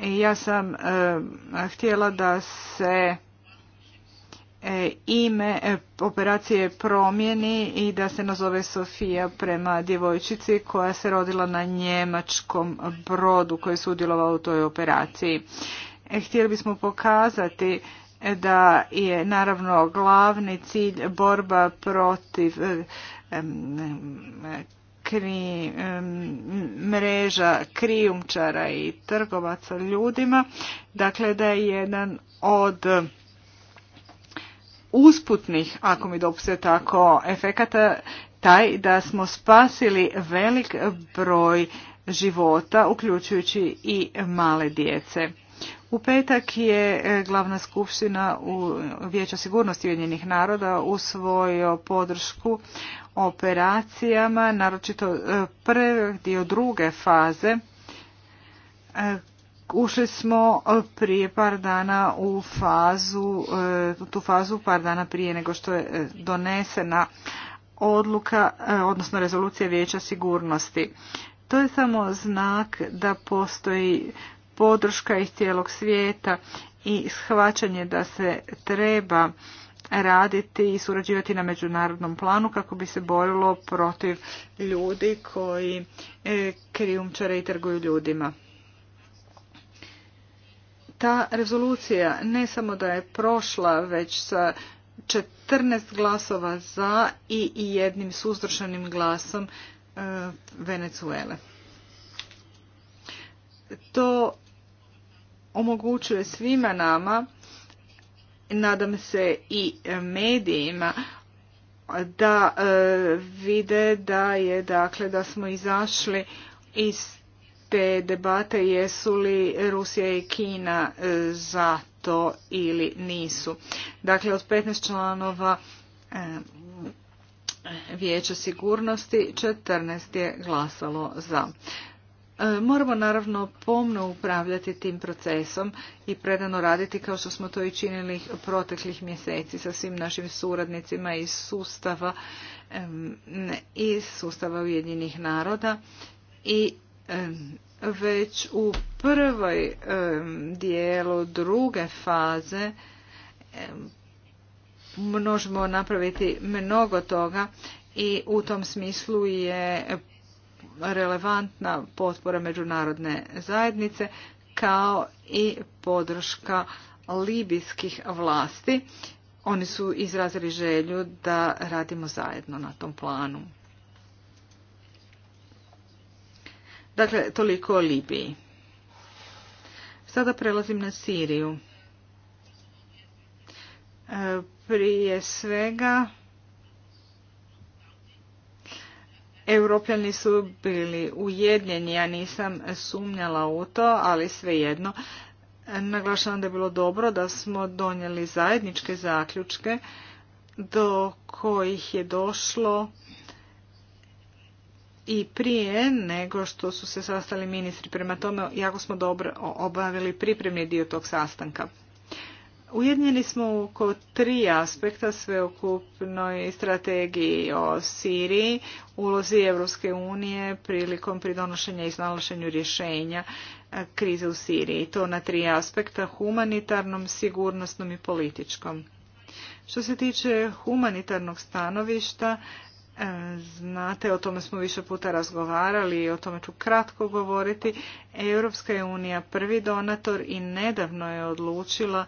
Ja sam htjela da se E, ime e, operacije promjeni i da se nazove Sofija prema djevojčici koja se rodila na njemačkom brodu koji je sudjelovao u toj operaciji. E, htjeli bismo pokazati da je naravno glavni cilj borba protiv mreža krijumčara i trgovaca ljudima, dakle da je jedan od usputnih, ako mi dopustio tako, efekata taj da smo spasili velik broj života, uključujući i male djece. U petak je e, glavna skupština u Vijeća sigurnosti Ujedinjenih naroda usvojio podršku operacijama, naročito e, prvi dio druge faze e, ušli smo e, prije par dana u fazu, e, tu fazu par dana prije nego što je e, donesena odluka, odnosno rezolucija vijeća sigurnosti. To je samo znak da postoji podrška iz cijelog svijeta i shvaćanje da se treba raditi i surađivati na međunarodnom planu kako bi se borilo protiv ljudi koji krijumčare i trguju ljudima ta rezolucija ne samo da je prošla već sa 14 glasova za i jednim suzdržanim glasom e, Venezuele. To omogućuje svima nama, nadam se i medijima, da e, vide da je dakle da smo izašli iz te debate jesu li Rusija i Kina e, za to ili nisu. Dakle, od 15 članova e, Vijeća sigurnosti 14 je glasalo za. E, moramo naravno pomno upravljati tim procesom i predano raditi kao što smo to i činili proteklih mjeseci sa svim našim suradnicima iz sustava iz sustava Ujedinjenih naroda i već u prvoj dijelu druge faze možemo napraviti mnogo toga i u tom smislu je relevantna potpora međunarodne zajednice kao i podrška libijskih vlasti. Oni su izrazili želju da radimo zajedno na tom planu. Dakle, toliko o Libiji. Sada prelazim na Siriju. E, prije svega, Europljani su bili ujednjeni, ja nisam sumnjala u to, ali svejedno. Naglašavam da je bilo dobro da smo donijeli zajedničke zaključke do kojih je došlo i prije nego što su se sastali ministri. Prema tome, jako smo dobro obavili pripremni dio tog sastanka. Ujedinjeni smo oko tri aspekta sveokupnoj strategiji o Siriji, ulozi Europske unije prilikom pridonošenja i iznalaženju rješenja e, krize u Siriji. To na tri aspekta, humanitarnom, sigurnosnom i političkom. Što se tiče humanitarnog stanovišta, E, znate, o tome smo više puta razgovarali i o tome ću kratko govoriti. Europska je unija prvi donator i nedavno je odlučila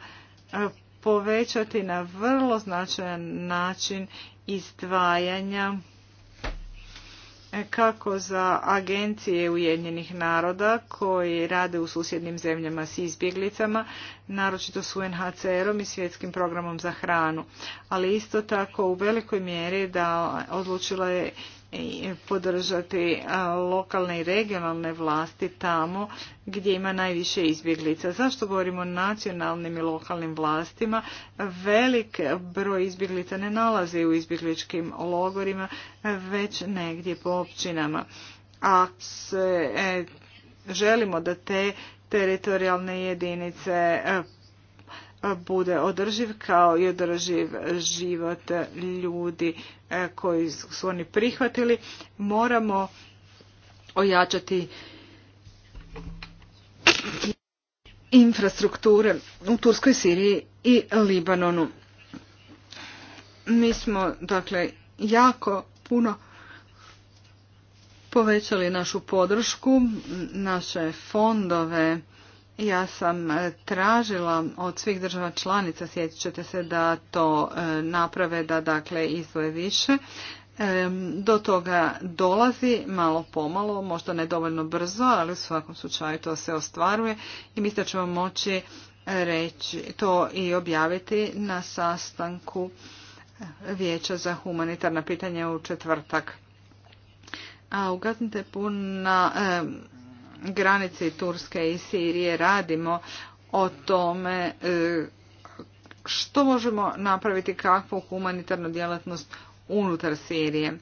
e, povećati na vrlo značajan način izdvajanja kako za agencije Ujedinjenih naroda koji rade u susjednim zemljama s izbjeglicama, naročito s UNHCR-om i svjetskim programom za hranu. Ali isto tako u velikoj mjeri da odlučila je podržati lokalne i regionalne vlasti tamo gdje ima najviše izbjeglica. Zašto govorimo o nacionalnim i lokalnim vlastima? Velik broj izbjeglica ne nalazi u izbjegličkim logorima, već negdje po općinama. A se, e, želimo da te teritorijalne jedinice e, bude održiv kao i održiv život ljudi e, koji su oni prihvatili. Moramo ojačati infrastrukture u Turskoj, Siriji i Libanonu. Mi smo, dakle, jako puno povećali našu podršku, naše fondove ja sam e, tražila od svih država članica, sjetit ćete se da to e, naprave, da dakle izvoje više. Do toga dolazi malo pomalo, možda ne dovoljno brzo, ali u svakom slučaju to se ostvaruje i mislim da ćemo moći reći to i objaviti na sastanku Vijeća za humanitarna pitanja u četvrtak. A ugasnite pun na Granice Turske i Sirije radimo o tome e, što možemo napraviti kakvu humanitarnu djelatnost unutar Sirije.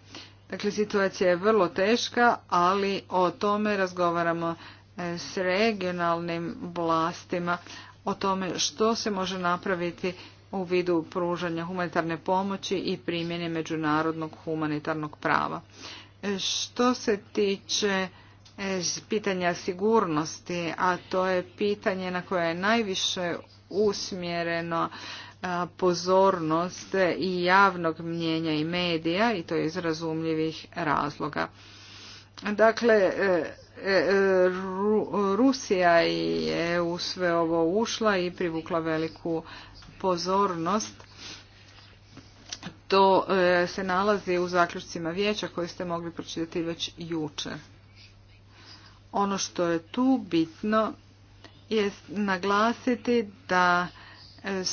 Dakle, situacija je vrlo teška, ali o tome razgovaramo e, s regionalnim vlastima, o tome što se može napraviti u vidu pružanja humanitarne pomoći i primjene međunarodnog humanitarnog prava. E, što se tiče pitanja sigurnosti, a to je pitanje na koje je najviše usmjereno pozornost i javnog mnjenja i medija i to iz razumljivih razloga. Dakle, e, e, Rusija je u sve ovo ušla i privukla veliku pozornost. To e, se nalazi u zaključcima vijeća koje ste mogli pročitati već jučer. Ono što je tu bitno je naglasiti da e,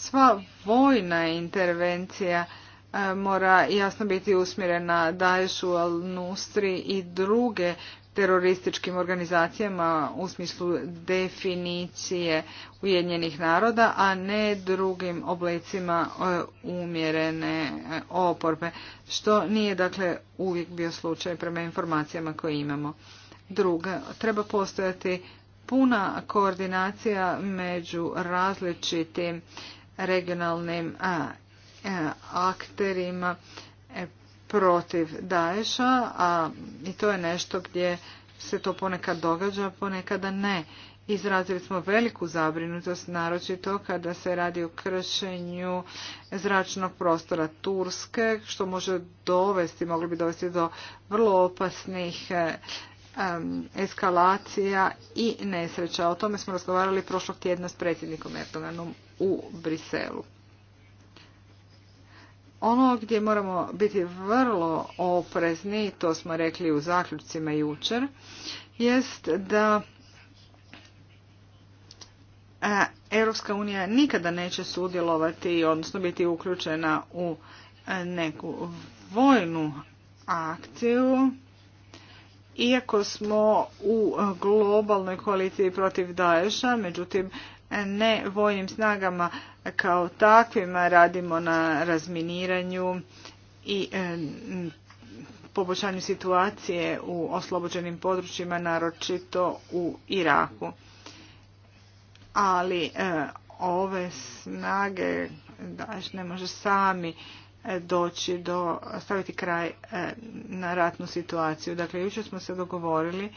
sva vojna intervencija e, mora jasno biti usmjerena Daješu, Al-Nustri i druge terorističkim organizacijama u smislu definicije Ujedinjenih naroda, a ne drugim oblicima e, umjerene oporbe, što nije dakle uvijek bio slučaj prema informacijama koje imamo druga. Treba postojati puna koordinacija među različitim regionalnim e, akterima e, protiv Daesha, a i to je nešto gdje se to ponekad događa, ponekada ne. Izrazili smo veliku zabrinutost, naročito kada se radi o kršenju zračnog prostora Turske, što može dovesti, mogli bi dovesti do vrlo opasnih e, eskalacija i nesreća. O tome smo razgovarali prošlog tjedna s predsjednikom Erdoganom u Briselu. Ono gdje moramo biti vrlo oprezni, to smo rekli u zaključcima jučer, jest da e, Europska unija nikada neće sudjelovati, odnosno biti uključena u e, neku vojnu akciju, iako smo u e, globalnoj koaliciji protiv Daesha, međutim ne vojnim snagama kao takvima radimo na razminiranju i e, poboljšanju situacije u oslobođenim područjima, naročito u Iraku. Ali e, ove snage Daesh ne može sami doći do, staviti kraj e, na ratnu situaciju. Dakle, jučer smo se dogovorili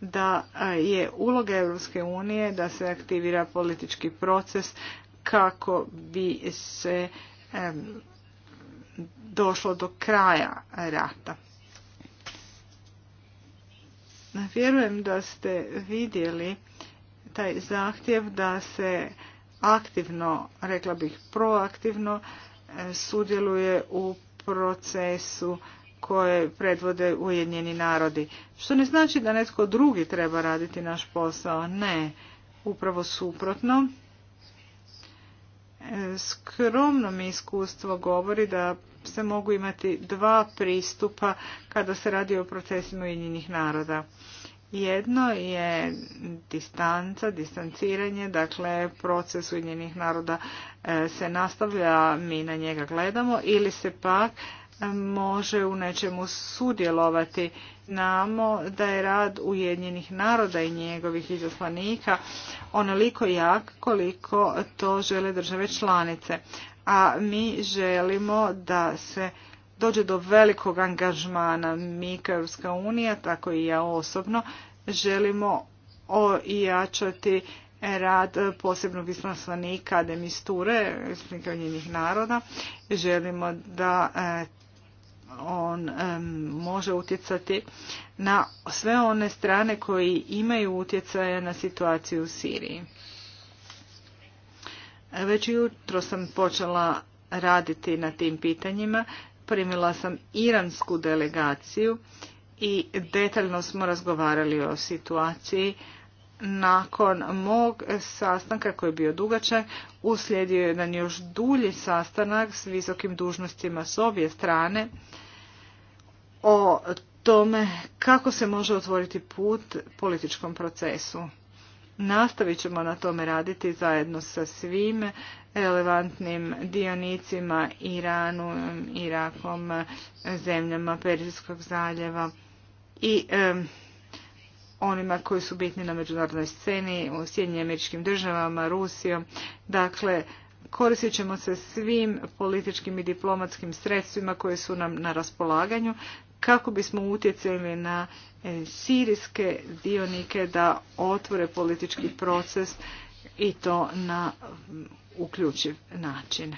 da e, je uloga Europske unije da se aktivira politički proces kako bi se e, došlo do kraja rata. Vjerujem da ste vidjeli taj zahtjev da se aktivno, rekla bih proaktivno, sudjeluje u procesu koje predvode Ujedinjeni narodi. Što ne znači da netko drugi treba raditi naš posao. Ne, upravo suprotno. E, skromno mi iskustvo govori da se mogu imati dva pristupa kada se radi o procesima Ujedinjenih naroda. Jedno je distanca, distanciranje, dakle proces Ujedinjenih naroda e, se nastavlja, mi na njega gledamo, ili se pak e, može u nečemu sudjelovati. Znamo da je rad Ujedinjenih naroda i njegovih izaslanika onoliko jak koliko to žele države članice. A mi želimo da se dođe do velikog angažmana. Mi kao Europska unija, tako i ja osobno, želimo ojačati rad posebnog islaslanika Demisture, islaslanika naroda. Želimo da eh, on može utjecati na sve one strane koji imaju utjecaje na situaciju u Siriji. Već jutro sam počela raditi na tim pitanjima primila sam iransku delegaciju i detaljno smo razgovarali o situaciji. Nakon mog sastanka koji je bio dugačak, uslijedio je jedan još dulji sastanak s visokim dužnostima s obje strane o tome kako se može otvoriti put političkom procesu. Nastavit ćemo na tome raditi zajedno sa svim relevantnim dionicima Iranu, Irakom, zemljama Perzijskog zaljeva i onima koji su bitni na međunarodnoj sceni u američkim državama, Rusijom. Dakle, koristit ćemo se svim političkim i diplomatskim sredstvima koje su nam na raspolaganju kako bismo utjecali na E, sirijske dionike da otvore politički proces i to na uključiv način.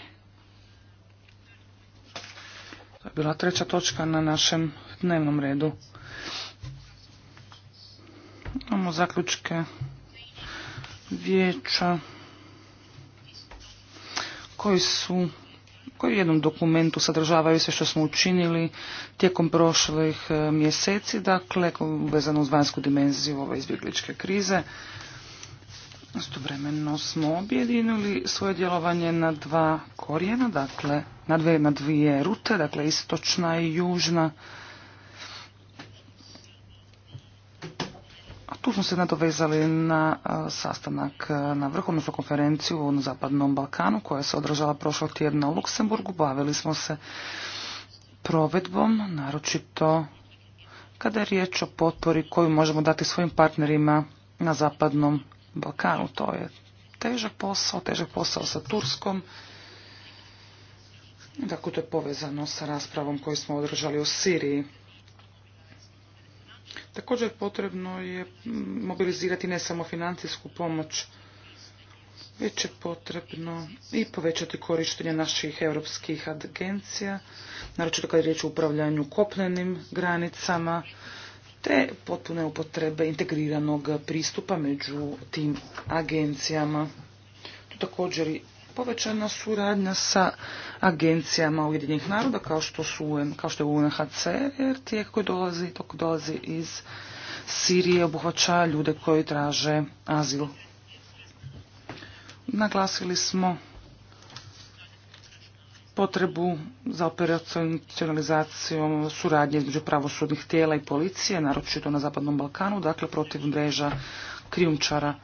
To je bila treća točka na našem dnevnom redu. Imamo zaključke vijeća koji su koji u jednom dokumentu sadržavaju sve što smo učinili tijekom prošlih e, mjeseci, dakle, vezano uz vanjsku dimenziju ove izbjegličke krize. Istovremeno smo objedinili svoje djelovanje na dva korijena, dakle, na dvije, na dvije rute, dakle, istočna i južna Tu smo se nadovezali na e, sastanak e, na vrhovnu konferenciju u Zapadnom Balkanu koja se održala prošlog tjedna u Luksemburgu. Bavili smo se provedbom, naročito kada je riječ o potpori koju možemo dati svojim partnerima na Zapadnom Balkanu. To je težak posao, težak posao sa Turskom. Dakle, to je povezano sa raspravom koju smo održali u Siriji. Također potrebno je mobilizirati ne samo financijsku pomoć, već je potrebno i povećati korištenje naših europskih agencija, naročito kada je riječ o upravljanju kopnenim granicama, te potpune upotrebe integriranog pristupa među tim agencijama. Tu također povećana suradnja sa agencijama Ujedinjenih naroda kao što, su, kao što je UNHCR, tijek koji dolazi, dolazi iz Sirije, obuhvaća ljude koji traže azil. Naglasili smo potrebu za operacionalizacijom suradnje između pravosudnih tijela i policije, naročito na Zapadnom Balkanu, dakle protiv mreža krijumčara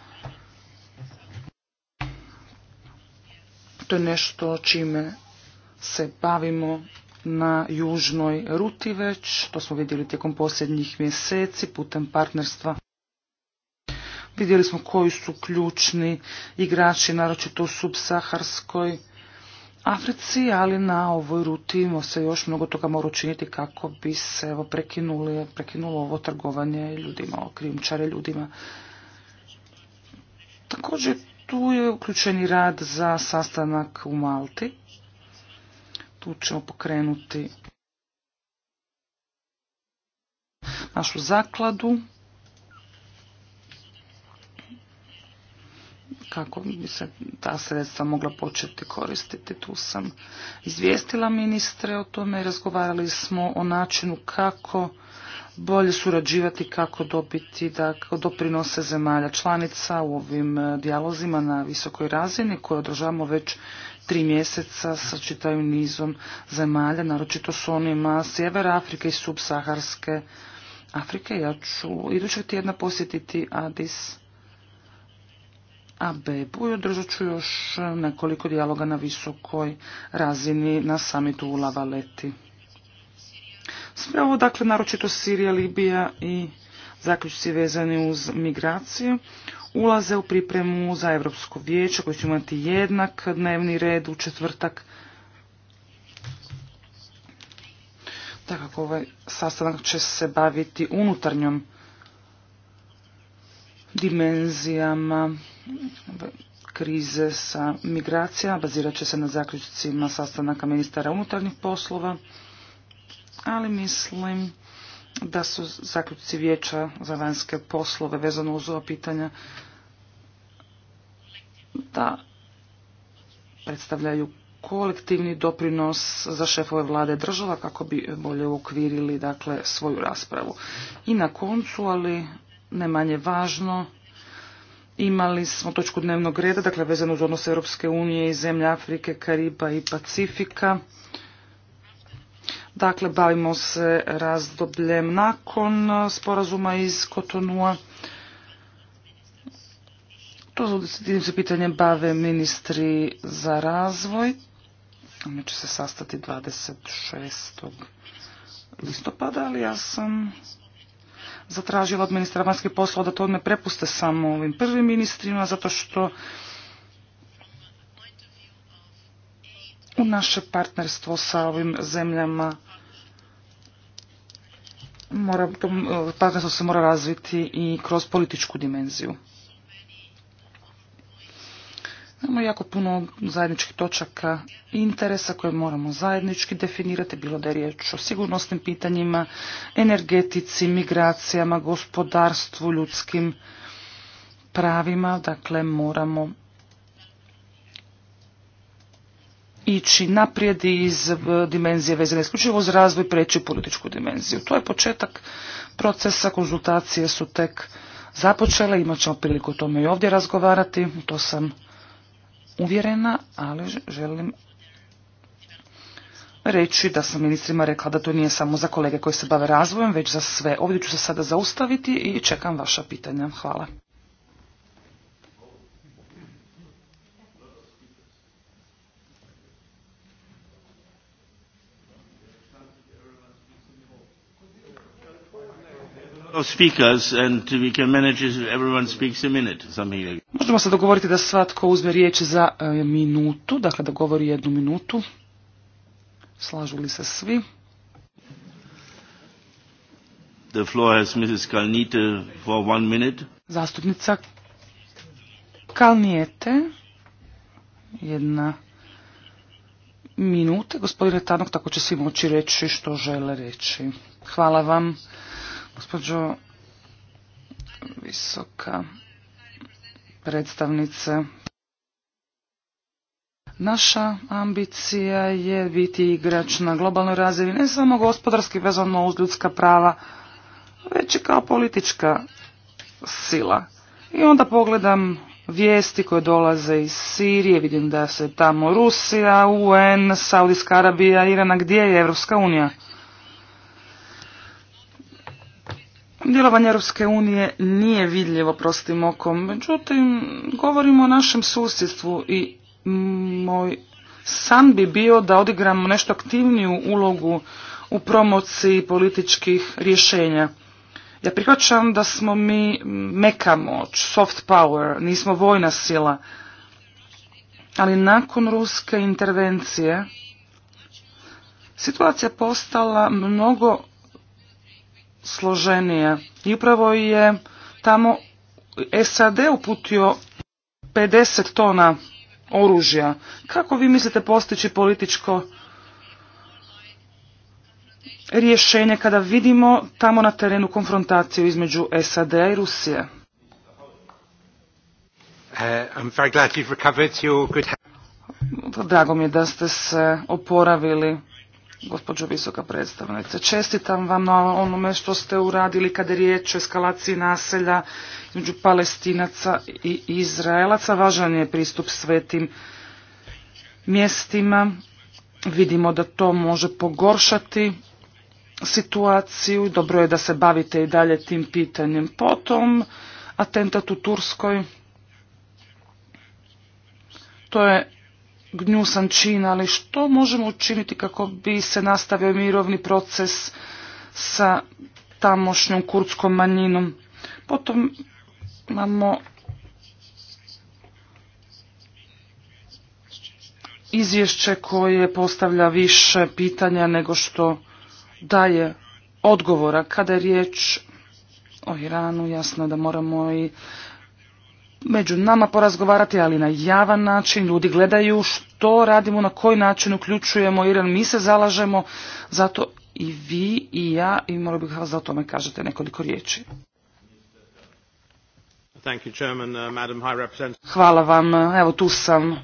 To je nešto čime se bavimo na južnoj ruti već, to smo vidjeli tijekom posljednjih mjeseci putem partnerstva. Vidjeli smo koji su ključni igrači, naročito u subsaharskoj Africi, ali na ovoj ruti se još mnogo toga mora učiniti kako bi se prekinuli, prekinulo ovo trgovanje ljudima, krijumčare ljudima. Također tu je uključen i rad za sastanak u Malti. Tu ćemo pokrenuti našu zakladu. kako bi se ta sredstva mogla početi koristiti. Tu sam izvijestila ministre o tome razgovarali smo o načinu kako bolje surađivati kako dobiti da doprinose zemalja članica u ovim e, dijalozima na visokoj razini koje održavamo već tri mjeseca sa čitavim nizom zemalja, naročito s onima Sjevera Afrike i Subsaharske Afrike. Ja ću idućeg tjedna posjetiti Adis Abebu i održat ću još nekoliko dijaloga na visokoj razini na samitu u Lavaleti. Sve ovo, dakle, naročito Sirija, Libija i zaključci vezani uz migraciju, ulaze u pripremu za Europsko vijeće koji će imati jednak dnevni red u četvrtak. Dakle, ovaj sastanak će se baviti unutarnjom dimenzijama krize sa migracijama, bazirat će se na zaključcima sastanaka ministara unutarnjih poslova ali mislim da su zaključci vijeća za vanjske poslove vezano uz ova pitanja da predstavljaju kolektivni doprinos za šefove vlade država kako bi bolje uokvirili dakle svoju raspravu. I na koncu, ali ne manje važno, imali smo točku dnevnog reda, dakle vezano uz odnose Europske unije i zemlje Afrike, Kariba i Pacifika. Dakle, bavimo se razdobljem nakon e, sporazuma iz Kotonua. To se pitanje bave ministri za razvoj. Oni će se sastati 26. listopada, ali ja sam zatražila od ministra vanjskih poslova da to ne prepuste samo ovim prvim ministrima, zato što u naše partnerstvo sa ovim zemljama mora, partnerstvo se mora razviti i kroz političku dimenziju. Imamo jako puno zajedničkih točaka i interesa koje moramo zajednički definirati, bilo da je riječ o sigurnosnim pitanjima, energetici, migracijama, gospodarstvu, ljudskim pravima, dakle moramo ići naprijed iz dimenzije vezane isključivo uz razvoj preći u političku dimenziju. To je početak procesa, konzultacije su tek započele, imat ćemo priliku o tome i ovdje razgovarati, to sam uvjerena, ali želim reći da sam ministrima rekla da to nije samo za kolege koji se bave razvojem, već za sve. Ovdje ću se sada zaustaviti i čekam vaša pitanja. Hvala. of Možemo se dogovoriti da svatko uzme riječ za e, minutu, dakle da govori jednu minutu. Slažu li se svi? The floor has Mrs. Kalnite for one minute. Zastupnica Kalnijete, jedna minuta. Gospodine Tanok, tako će svi moći reći što žele reći. Hvala vam. Gospođo visoka predstavnice, naša ambicija je biti igrač na globalnoj razini, ne samo gospodarski vezano uz ljudska prava, već i kao politička sila. I onda pogledam vijesti koje dolaze iz Sirije, vidim da se tamo Rusija, UN, Saudijska Arabija, Irana, gdje je Evropska unija? Djelovanje Europske unije nije vidljivo prostim okom, međutim, govorimo o našem susjedstvu i moj san bi bio da odigramo nešto aktivniju ulogu u promociji političkih rješenja. Ja prihvaćam da smo mi meka soft power, nismo vojna sila, ali nakon ruske intervencije situacija postala mnogo složenije. I upravo je tamo SAD uputio 50 tona oružja. Kako vi mislite postići političko rješenje kada vidimo tamo na terenu konfrontaciju između sad i Rusije? Uh, Drago mi je da ste se oporavili Gospođo visoka predstavnice, čestitam vam na onome što ste uradili kada je riječ o eskalaciji naselja među palestinaca i izraelaca. Važan je pristup svetim mjestima. Vidimo da to može pogoršati situaciju. Dobro je da se bavite i dalje tim pitanjem. Potom, atentat u Turskoj. To je gnjusan čin, ali što možemo učiniti kako bi se nastavio mirovni proces sa tamošnjom kurdskom manjinom? Potom imamo izvješće koje postavlja više pitanja nego što daje odgovora. Kada je riječ o Iranu, jasno da moramo i među nama porazgovarati, ali na javan način. Ljudi gledaju što radimo, na koji način uključujemo jer Mi se zalažemo, zato i vi i ja i molim bih vas da o tome kažete nekoliko riječi. Uh, Hvala vam, evo tu sam.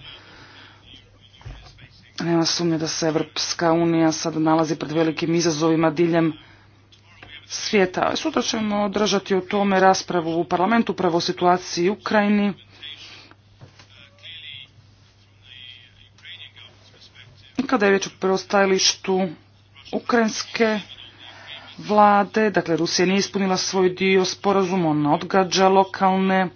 Nema sumnje da se Evropska unija sada nalazi pred velikim izazovima diljem svijeta. Sutra ćemo održati o tome raspravu u parlamentu, pravo o situaciji u Ukrajini. Kada je već u preostajalištu ukrajinske vlade, dakle Rusija nije ispunila svoj dio sporazuma, ona odgađa lokalne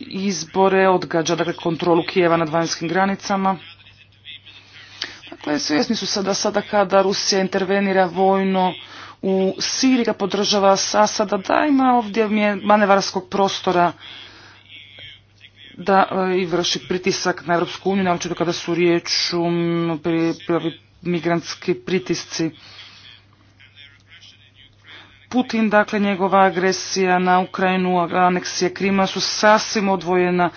izbore, odgađa dakle kontrolu Kijeva nad vanjskim granicama. Dakle, svjesni su sada sada kada Rusija intervenira vojno u Siriji ga podržava Sasada, da ima ovdje manevarskog prostora da e, i vrši pritisak na Europsku uniju, naočito kada su riječ um, o migrantski pritisci. Putin, dakle njegova agresija na Ukrajinu, aneksije Krima su sasvim odvojena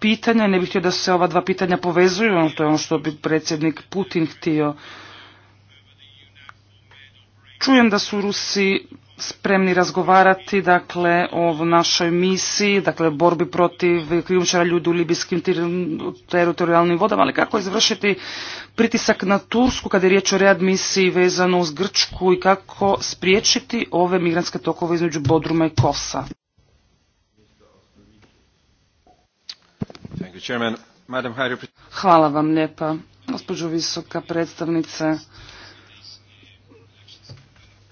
pitanja, ne bih htio da se ova dva pitanja povezuju, ono to je ono što bi predsjednik Putin htio. Čujem da su Rusi spremni razgovarati dakle o našoj misiji, dakle borbi protiv krijumčara ljudi u libijskim teritorijalnim vodama, ali kako izvršiti pritisak na Tursku kada je riječ o misiji vezano uz Grčku i kako spriječiti ove migrantske tokove između Bodruma i Kosa? Hvala vam lijepa, gospođo visoka predstavnice.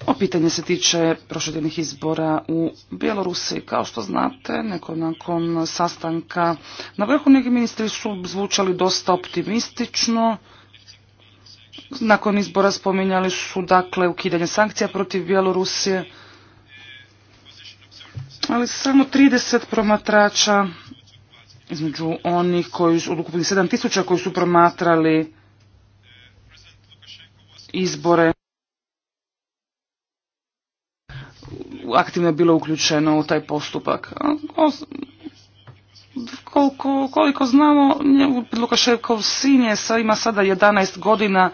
O pitanje se tiče prošljenih izbora u Bjelorusiji. Kao što znate, neko nakon sastanka na vrhu neki ministri su zvučali dosta optimistično. Nakon izbora spominjali su dakle ukidanje sankcija protiv Bjelorusije. Ali samo 30 promatrača između onih koji su, od ukupnih 7000 koji su promatrali izbore. Aktivno je bilo uključeno u taj postupak. Koliko, koliko znamo, Lukašenkov sin je, ima sada 11 godina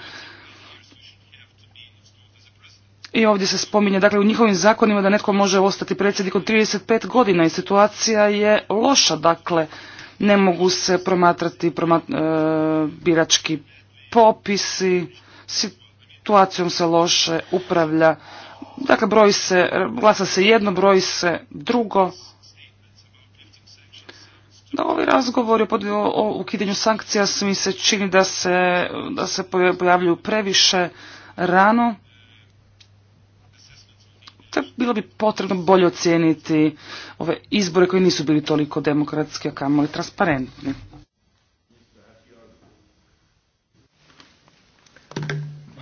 i ovdje se spominje, dakle u njihovim zakonima da netko može ostati predsjednikom 35 godina i situacija je loša, dakle ne mogu se promatrati e, birački popisi, situacijom se loše upravlja. Dakle, broj se, glasa se jedno, broji se drugo. Da, ovi razgovori o, ukidenju ukidanju sankcija mi se čini da se, da se pojavljuju previše rano te bilo bi potrebno bolje ocijeniti ove izbore koji nisu bili toliko demokratski, a kamoli transparentni.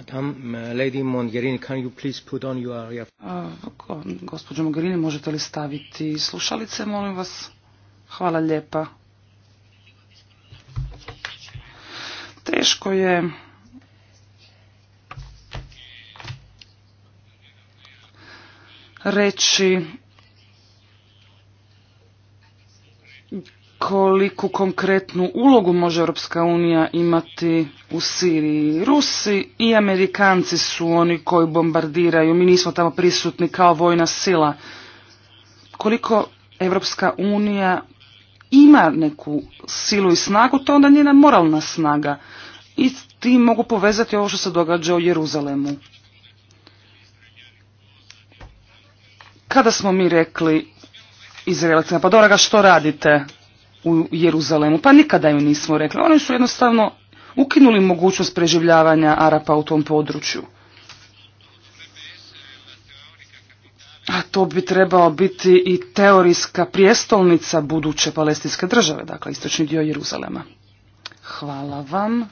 Gospodin Mogherini, Mogherini, možete li staviti slušalice, molim vas? Hvala lijepa. Teško je reći koliku konkretnu ulogu može Europska unija imati u Siriji. Rusi i Amerikanci su oni koji bombardiraju, mi nismo tamo prisutni kao vojna sila. Koliko Europska unija ima neku silu i snagu, to je onda njena moralna snaga. I ti mogu povezati ovo što se događa u Jeruzalemu. Kada smo mi rekli Izraelcima, pa dobro što radite u Jeruzalemu? Pa nikada ju nismo rekli. Oni su jednostavno ukinuli mogućnost preživljavanja Arapa u tom području. A to bi trebao biti i teorijska prijestolnica buduće palestinske države, dakle istočni dio Jeruzalema. Hvala vam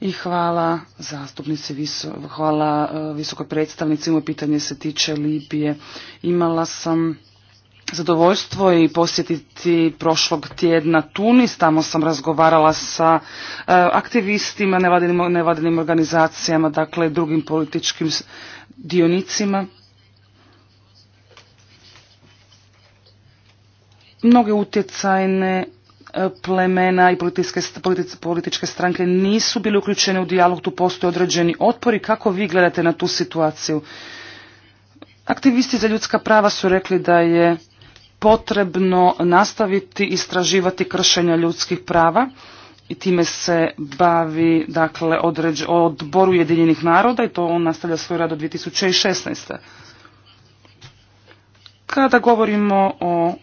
i hvala zastupnici, hvala e, visokoj predstavnici. Moje pitanje se tiče Libije. Imala sam zadovoljstvo i posjetiti prošlog tjedna Tunis. Tamo sam razgovarala sa e, aktivistima, nevladinim, nevladinim organizacijama, dakle drugim političkim dionicima. Mnoge utjecajne E, plemena i političke stranke nisu bili uključeni u dijalog, tu postoje određeni otpori. Kako vi gledate na tu situaciju? Aktivisti za ljudska prava su rekli da je potrebno nastaviti istraživati kršenja ljudskih prava i time se bavi dakle, određ, odbor Ujedinjenih naroda i to on nastavlja svoj rad od 2016. Kada govorimo o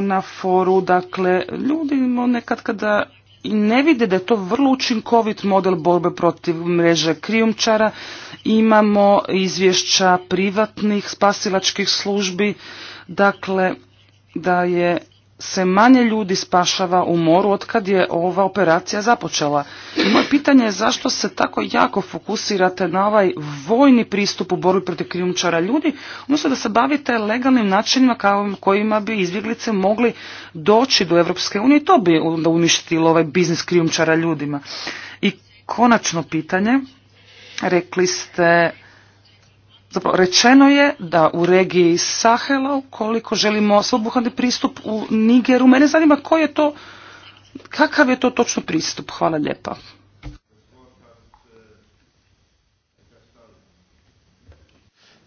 na foru, dakle, ljudi nekad kada i ne vide da je to vrlo učinkovit model borbe protiv mreže krijumčara. Imamo izvješća privatnih spasilačkih službi, dakle, da je se manje ljudi spašava u moru otkad je ova operacija započela. I moje pitanje je zašto se tako jako fokusirate na ovaj vojni pristup u borbi protiv krijumčara ljudi, umjesto da se bavite legalnim načinima kojima bi izbjeglice mogli doći do Europske unije i to bi onda uništilo ovaj biznis krijumčara ljudima. I konačno pitanje, rekli ste Zapravo, rečeno je da u regiji Sahela, ukoliko želimo sveobuhvatni pristup u Nigeru, mene zanima koji je to, kakav je to točno pristup. Hvala lijepa.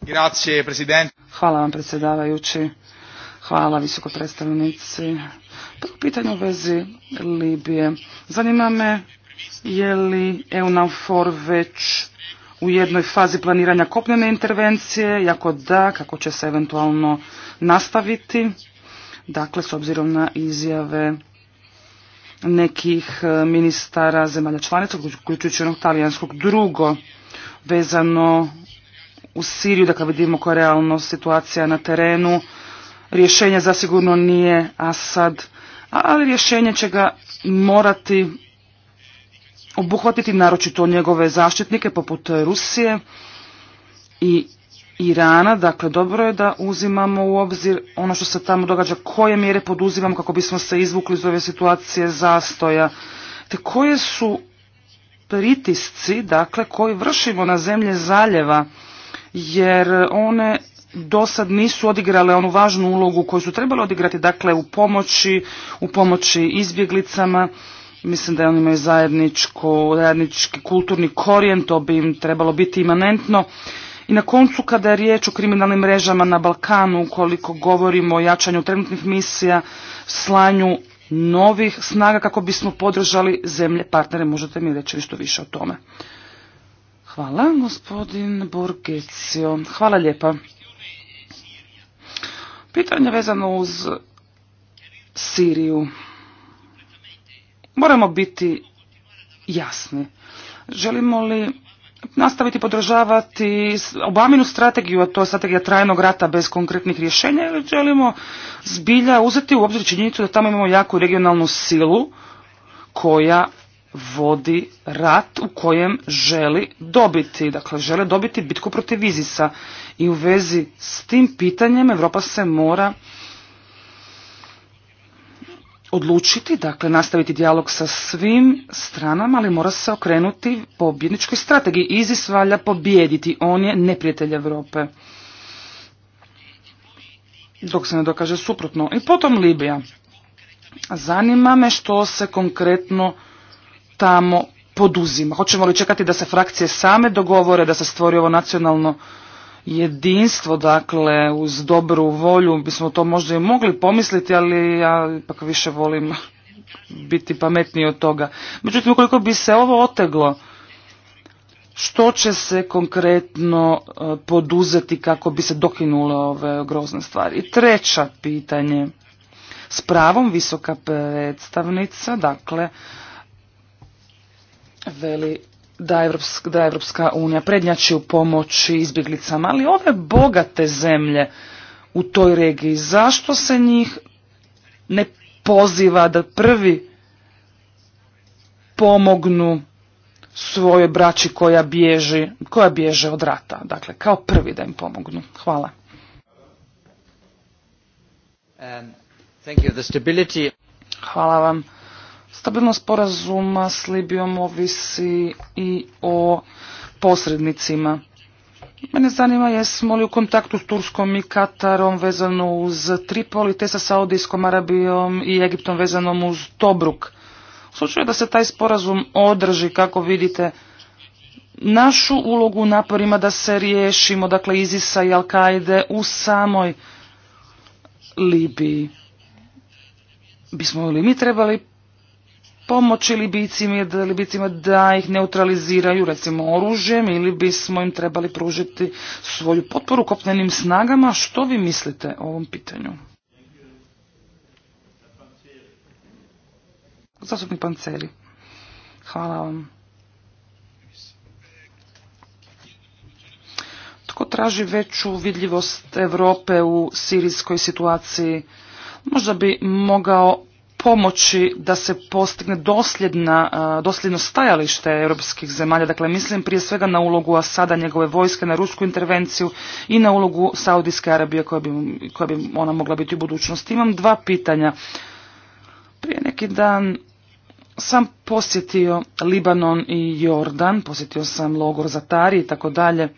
Grazie, Hvala vam predsjedavajući. Hvala visoko predstavnici. Prvo pitanje u vezi Libije. Zanima me je li EUNAVFOR već u jednoj fazi planiranja kopnene intervencije, jako da, kako će se eventualno nastaviti, dakle s obzirom na izjave nekih e, ministara zemalja članica, uključujući onog talijanskog drugo, vezano u Siriju, dakle vidimo koja je realno situacija na terenu. Rješenje zasigurno nije Asad, ali rješenje će ga morati obuhvatiti naročito njegove zaštitnike poput Rusije i Irana, dakle dobro je da uzimamo u obzir ono što se tamo događa, koje mjere poduzimamo kako bismo se izvukli iz ove situacije zastoja, te koje su pritisci, dakle, koji vršimo na zemlje zaljeva, jer one do sad nisu odigrale onu važnu ulogu koju su trebale odigrati, dakle, u pomoći, u pomoći izbjeglicama, Mislim da oni imaju zajedničko, zajednički kulturni korijen, to bi im trebalo biti imanentno. I na koncu kada je riječ o kriminalnim mrežama na Balkanu, ukoliko govorimo o jačanju trenutnih misija, slanju novih snaga kako bismo podržali zemlje partnere. Možete mi reći nešto više o tome. Hvala, gospodin Borgecio. Hvala lijepa. Pitanje vezano uz Siriju. Moramo biti jasni. Želimo li nastaviti podržavati Obaminu strategiju, a to je strategija trajnog rata bez konkretnih rješenja, ili želimo zbilja uzeti u obzir činjenicu da tamo imamo jaku regionalnu silu koja vodi rat u kojem želi dobiti, dakle žele dobiti bitku protiv Izisa. I u vezi s tim pitanjem Europa se mora odlučiti, dakle nastaviti dijalog sa svim stranama, ali mora se okrenuti pobjedničkoj strategiji. ISIS valja pobijediti, on je neprijatelj Europe. Dok se ne dokaže suprotno. I potom Libija. Zanima me što se konkretno tamo poduzima. Hoćemo li čekati da se frakcije same dogovore, da se stvori ovo nacionalno jedinstvo, dakle uz dobru volju bismo to možda i mogli pomisliti, ali ja ipak više volim biti pametniji od toga. Međutim, ukoliko bi se ovo oteglo, što će se konkretno e, poduzeti kako bi se dokinule ove grozne stvari? I treća pitanje. S pravom visoka predstavnica, dakle, veli da Evropska, da Evropska unija prednjači u pomoći izbjeglicama, ali ove bogate zemlje u toj regiji, zašto se njih ne poziva da prvi pomognu svojoj braći koja bježi, koja bježe od rata. Dakle, kao prvi da im pomognu. Hvala. Um, thank you. The Hvala vam. Stabilnost sporazuma s Libijom ovisi i o posrednicima. Mene zanima jesmo li u kontaktu s Turskom i Katarom vezano uz Tripoli, te sa Saudijskom Arabijom i Egiptom vezanom uz Tobruk. U slučaju da se taj sporazum održi, kako vidite, našu ulogu naporima da se riješimo, dakle, Izisa i Al-Kaide u samoj Libiji. Bismo li mi trebali pomoći Libicima, da ih neutraliziraju recimo oružjem ili bismo im trebali pružiti svoju potporu kopnenim snagama. Što vi mislite o ovom pitanju? Zastupnik Panceri, hvala vam. Tko traži veću vidljivost Europe u sirijskoj situaciji? Možda bi mogao pomoći da se postigne dosljedna, dosljedno stajalište europskih zemalja. Dakle, mislim prije svega na ulogu Asada, njegove vojske, na rusku intervenciju i na ulogu Saudijske Arabije koja bi, koja bi ona mogla biti u budućnosti. Imam dva pitanja. Prije neki dan sam posjetio Libanon i Jordan, posjetio sam logor Tari i tako dalje.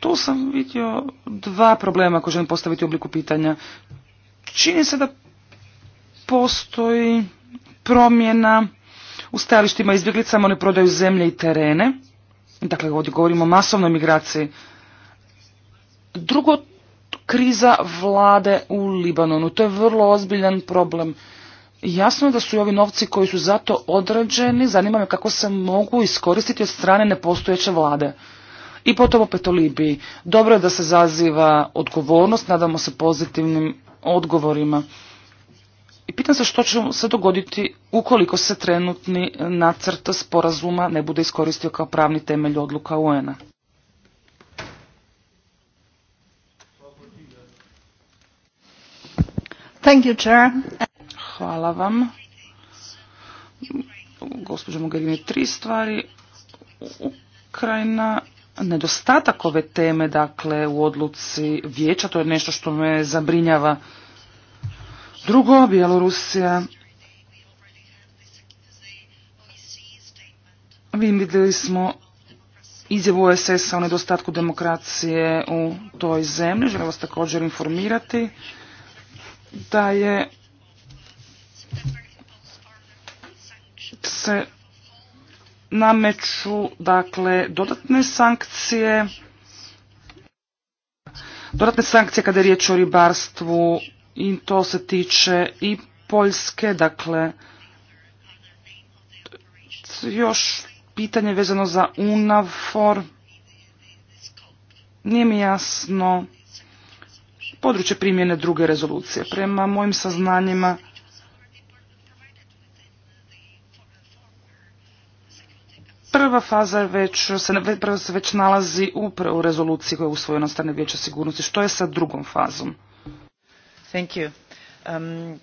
Tu sam vidio dva problema koje želim postaviti u obliku pitanja. Čini se da postoji promjena u stajalištima izbjeglicama, oni prodaju zemlje i terene. Dakle, ovdje govorimo o masovnoj migraciji. Drugo, kriza vlade u Libanonu. To je vrlo ozbiljan problem. Jasno je da su i ovi novci koji su zato određeni, zanima me kako se mogu iskoristiti od strane nepostojeće vlade. I potom opet o Libiji. Dobro je da se zaziva odgovornost, nadamo se pozitivnim odgovorima. I pitam se što će se dogoditi ukoliko se trenutni nacrt sporazuma ne bude iskoristio kao pravni temelj odluka UN-a. Hvala vam. Gospođo Mogherini, tri stvari. Ukrajina, nedostatak ove teme, dakle, u odluci vijeća, to je nešto što me zabrinjava Drugo, Bjelorusija. Mi vidjeli smo izjavu OSS-a o nedostatku demokracije u toj zemlji. Želim vas također informirati da je se nameću dakle dodatne sankcije dodatne sankcije kada je riječ o ribarstvu i to se tiče i Poljske, dakle još pitanje vezano za UNAFOR, Nije mi jasno područje primjene druge rezolucije. Prema mojim saznanjima prva faza je već, se, već nalazi upravo u rezoluciji koja je usvojena od strane Vijeća sigurnosti. Što je sa drugom fazom? Um,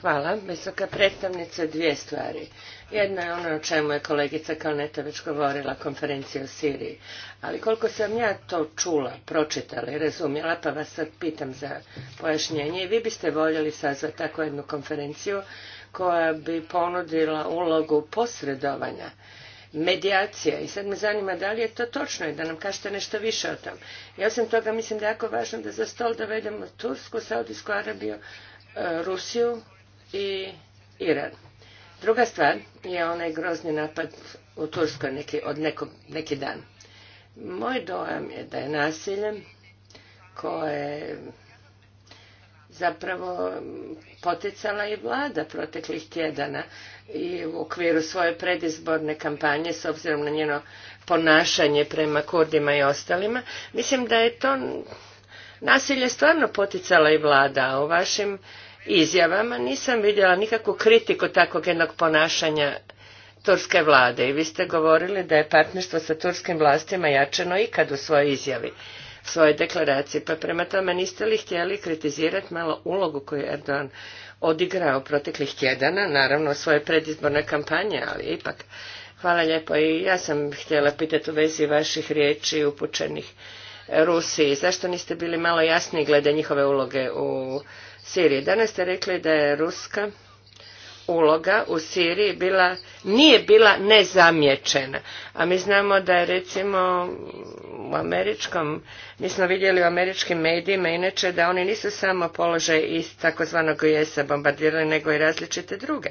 Hvala, visoka predstavnica, dvije stvari. Jedna je ono o čemu je kolegica Kalneta već govorila, konferencija o Siriji. Ali koliko sam ja to čula, pročitala i razumjela, pa vas sad pitam za pojašnjenje. I vi biste voljeli sazvati takvu jednu konferenciju koja bi ponudila ulogu posredovanja medijacija. I sad me zanima da li je to točno i da nam kažete nešto više o tom. I osim toga mislim da je jako važno da za stol dovedemo Tursku, Saudijsku Arabiju, e, Rusiju i Iran. Druga stvar je onaj grozni napad u Turskoj neki, od neki dan. Moj dojam je da je nasilje koje zapravo poticala i vlada proteklih tjedana i u okviru svoje predizborne kampanje s obzirom na njeno ponašanje prema Kurdima i ostalima. Mislim da je to nasilje stvarno poticala i vlada. U vašim izjavama nisam vidjela nikakvu kritiku takvog jednog ponašanja turske vlade i vi ste govorili da je partnerstvo sa turskim vlastima jačeno ikad u svojoj izjavi, svoje deklaraciji. Pa prema tome niste li htjeli kritizirati malo ulogu koju Erdogan odigrao proteklih tjedana, naravno svoje predizborne kampanje, ali ipak. Hvala lijepo i ja sam htjela pitati u vezi vaših riječi upućenih Rusiji. Zašto niste bili malo jasni glede njihove uloge u Siriji? Danas ste rekli da je Ruska uloga u Siriji bila, nije bila nezamječena. A mi znamo da je recimo u američkom, mi smo vidjeli u američkim medijima inače da oni nisu samo položaj iz takozvanog jesa bombardirali nego i različite druge.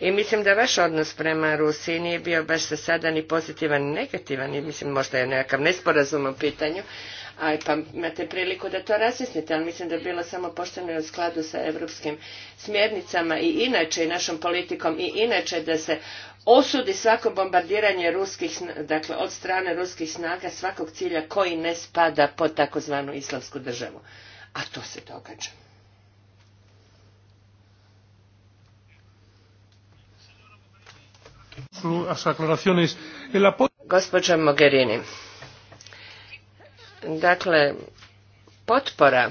I mislim da vaš odnos prema Rusiji nije bio baš za sada ni pozitivan ni negativan i mislim možda je nekakav nesporazum u pitanju Aj pa imate priliku da to razjasnite, ali mislim da je bilo samo pošteno i u skladu sa europskim smjernicama i inače i našom politikom i inače da se osudi svako bombardiranje ruskih, dakle od strane ruskih snaga svakog cilja koji ne spada pod takozvanu islamsku državu. A to se događa. Gospođa Mogherini, Dakle, potpora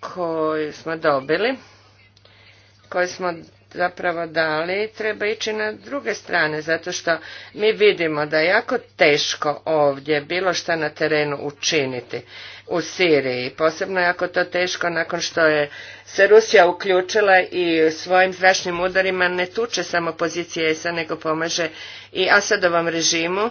koju smo dobili, koju smo zapravo dali, treba ići na druge strane, zato što mi vidimo da je jako teško ovdje bilo šta na terenu učiniti u Siriji. Posebno je ako to teško nakon što je se Rusija uključila i svojim zračnim udarima ne tuče samo pozicije ESA nego pomaže i Asadovom režimu,